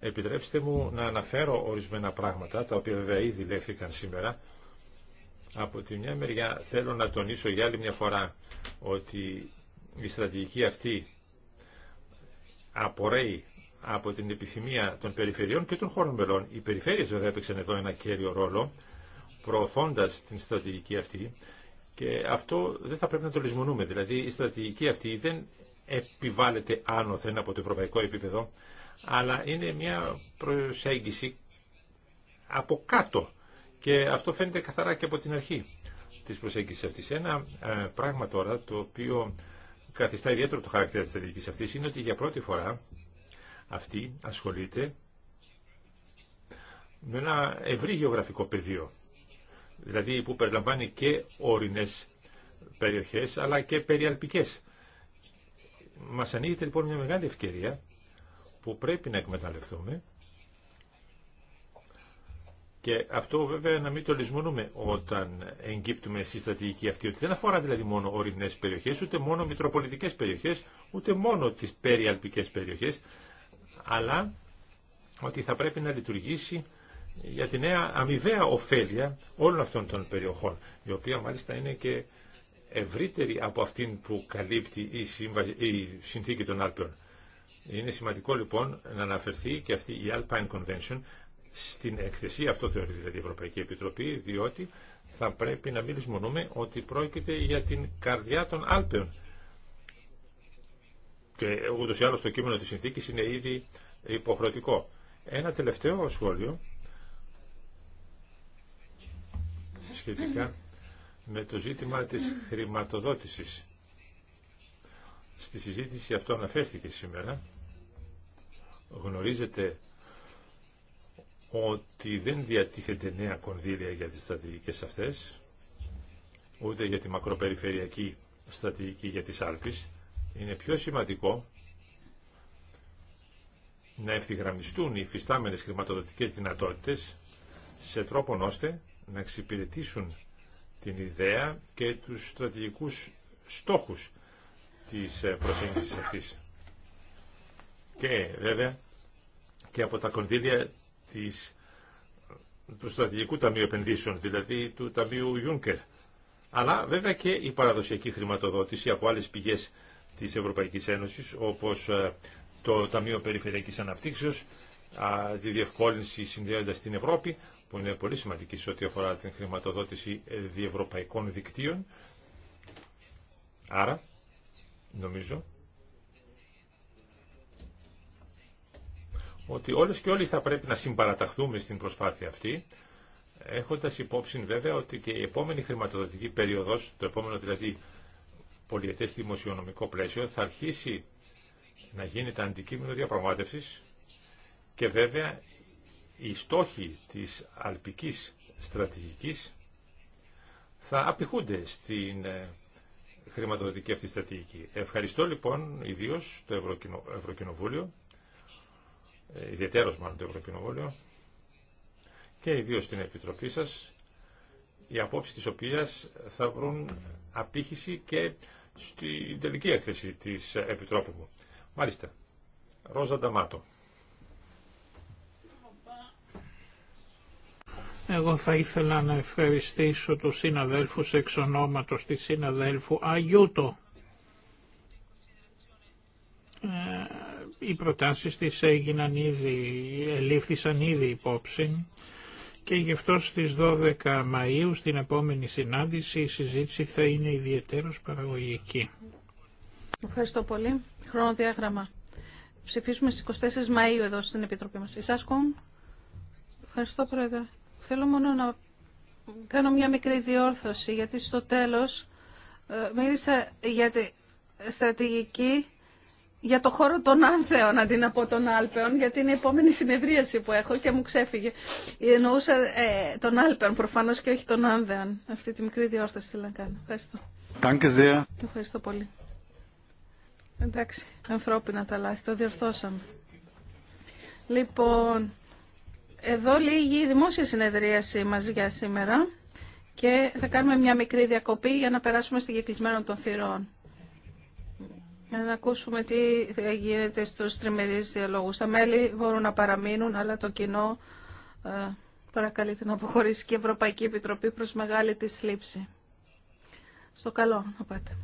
Επιτρέψτε μου να αναφέρω ορισμένα πράγματα, τα οποία βέβαια ήδη λέχθηκαν σήμερα, από τη μια μεριά θέλω να τονίσω για άλλη μια φορά ότι η στρατηγική αυτή απορρέει από την επιθυμία των περιφερειών και των χώρων μελών. Οι περιφέρειες βέβαια έπαιξαν εδώ ένα κέριο ρόλο προωθώντας την στρατηγική αυτή και αυτό δεν θα πρέπει να το λησμονούμε. Δηλαδή η στρατηγική αυτή δεν επιβάλλεται άνωθεν από το ευρωπαϊκό επίπεδο αλλά είναι μια προσέγγιση από κάτω και αυτό φαίνεται καθαρά και από την αρχή της προσέγγισης αυτής. Ένα ε, πράγμα τώρα το οποίο καθιστά ιδιαίτερο το χαρακτήρα της θετικής αυτής είναι ότι για πρώτη φορά αυτή ασχολείται με ένα ευρύ γεωγραφικό πεδίο. Δηλαδή που περιλαμβάνει και όρείνες περιοχές αλλά και περιαλπικές. Μας ανοίγεται λοιπόν μια μεγάλη ευκαιρία που πρέπει να εκμεταλλευτούμε και αυτό βέβαια να μην το λησμονούμε όταν εγκύπτουμε στη στρατηγική αυτή, ότι δεν αφορά δηλαδή μόνο ορεινές περιοχές, ούτε μόνο μητροπολιτικές περιοχές, ούτε μόνο τις περιαλπικές περιοχές, αλλά ότι θα πρέπει να λειτουργήσει για τη νέα αμοιβαία ωφέλεια όλων αυτών των περιοχών, η οποία μάλιστα είναι και ευρύτερη από αυτήν που καλύπτει η, σύμβα... η συνθήκη των Αλπιών. Είναι σημαντικό λοιπόν να αναφερθεί και αυτή η Alpine Convention στην έκθεση, αυτό θεωρείται δηλαδή η Ευρωπαϊκή Επιτροπή, διότι θα πρέπει να μην ότι πρόκειται για την καρδιά των Άλπαιων. Και ούτω ή άλλω το κείμενο τη συνθήκη είναι ήδη υποχρεωτικό. Ένα τελευταίο σχόλιο σχετικά με το ζήτημα της χρηματοδότησης. Στη συζήτηση αυτό αναφέρθηκε σήμερα. Γνωρίζετε ότι δεν διατίθεται νέα κονδύλια για τις στρατηγικές αυτές, ούτε για τη μακροπεριφερειακή στρατηγική για τις Άλπεις. Είναι πιο σημαντικό να ευθυγραμμιστούν οι υφιστάμενες χρηματοδοτικές δυνατότητες σε τρόπο ώστε να εξυπηρετήσουν την ιδέα και τους στρατηγικούς στόχους της ε, προσέγγισης αυτής. Και βέβαια και από τα κονδύλια της, του Στρατηγικού Ταμείου Επενδύσεων, δηλαδή του Ταμείου Juncker. Αλλά βέβαια και η παραδοσιακή χρηματοδότηση από άλλες πηγές της Ευρωπαϊκής Ένωσης, όπως ε, το Ταμείο Περιφερειακής Αναπτύξεως, τη διευκόλυνση συνδέοντας στην Ευρώπη, που είναι πολύ σημαντική σε ό,τι αφορά την χρηματοδότηση διευρωπαϊκών δικτύων. Άρα, νομίζω ότι όλες και όλοι θα πρέπει να συμπαραταχθούμε στην προσπάθεια αυτή, έχοντας υπόψη βέβαια ότι και η επόμενη χρηματοδοτική περίοδος, το επόμενο δηλαδή πολιετές δημοσιονομικό πλαίσιο, θα αρχίσει να γίνεται αντικείμενο διαπραγμάτευσης και βέβαια οι στόχοι της αλπικής στρατηγικής θα απηχούνται στην ε, χρηματοδοτική αυτή στρατηγική. Ευχαριστώ λοιπόν ιδίως το Ευρωκοινοβούλιο ε, ιδιαίτερο μάλλον το Ευρωκοινοβούλιο και ιδίω στην Επιτροπή σας, η απόψει της οποίας θα βρουν απήχηση και στην τελική έκθεση της Επιτρόπου μου. Μάλιστα. Ρόζα Νταμάτο. Εγώ θα ήθελα να ευχαριστήσω τους συναδέλφους εξ ονόματος της συναδέλφου Αγιούτο ε, οι προτάσεις της έγιναν ήδη, ελήφθησαν ήδη υπόψη και γι' αυτό στις 12 Μαΐου στην επόμενη συνάντηση η συζήτηση θα είναι ιδιαίτερος παραγωγική. Ευχαριστώ πολύ. Χρονοδιάγραμμα. Ψηφίσουμε στις 24 Μαΐου εδώ στην Επιτροπή μας. κομ. Ευχαριστώ Πρόεδρε. Θέλω μόνο να κάνω μια μικρή διόρθωση γιατί στο τέλος ε, μίλησα για τη στρατηγική για το χώρο των Άνθεων αντί να πω των Άλπαιων, γιατί είναι η επόμενη συνεδρίαση που έχω και μου ξέφυγε. Εννοούσα ε, των Άλπαιων προφανώ και όχι τον Άνδεων. Αυτή τη μικρή διόρθωση θέλω να κάνω. Ευχαριστώ. Ευχαριστώ πολύ. Εντάξει, ανθρώπινα τα λάθη, το διορθώσαμε. Λοιπόν, εδώ λίγη η δημόσια συνεδρίαση μαζί για σήμερα και θα κάνουμε μια μικρή διακοπή για να περάσουμε στην κεκλεισμένο των θυρών. Για να ακούσουμε τι γίνεται στους τριμερείς διαλόγους. Τα μέλη μπορούν να παραμείνουν, αλλά το κοινό ε, παρακαλείται να αποχωρήσει και η Ευρωπαϊκή Επιτροπή προς μεγάλη τη λήψη. Στο καλό να πάτε.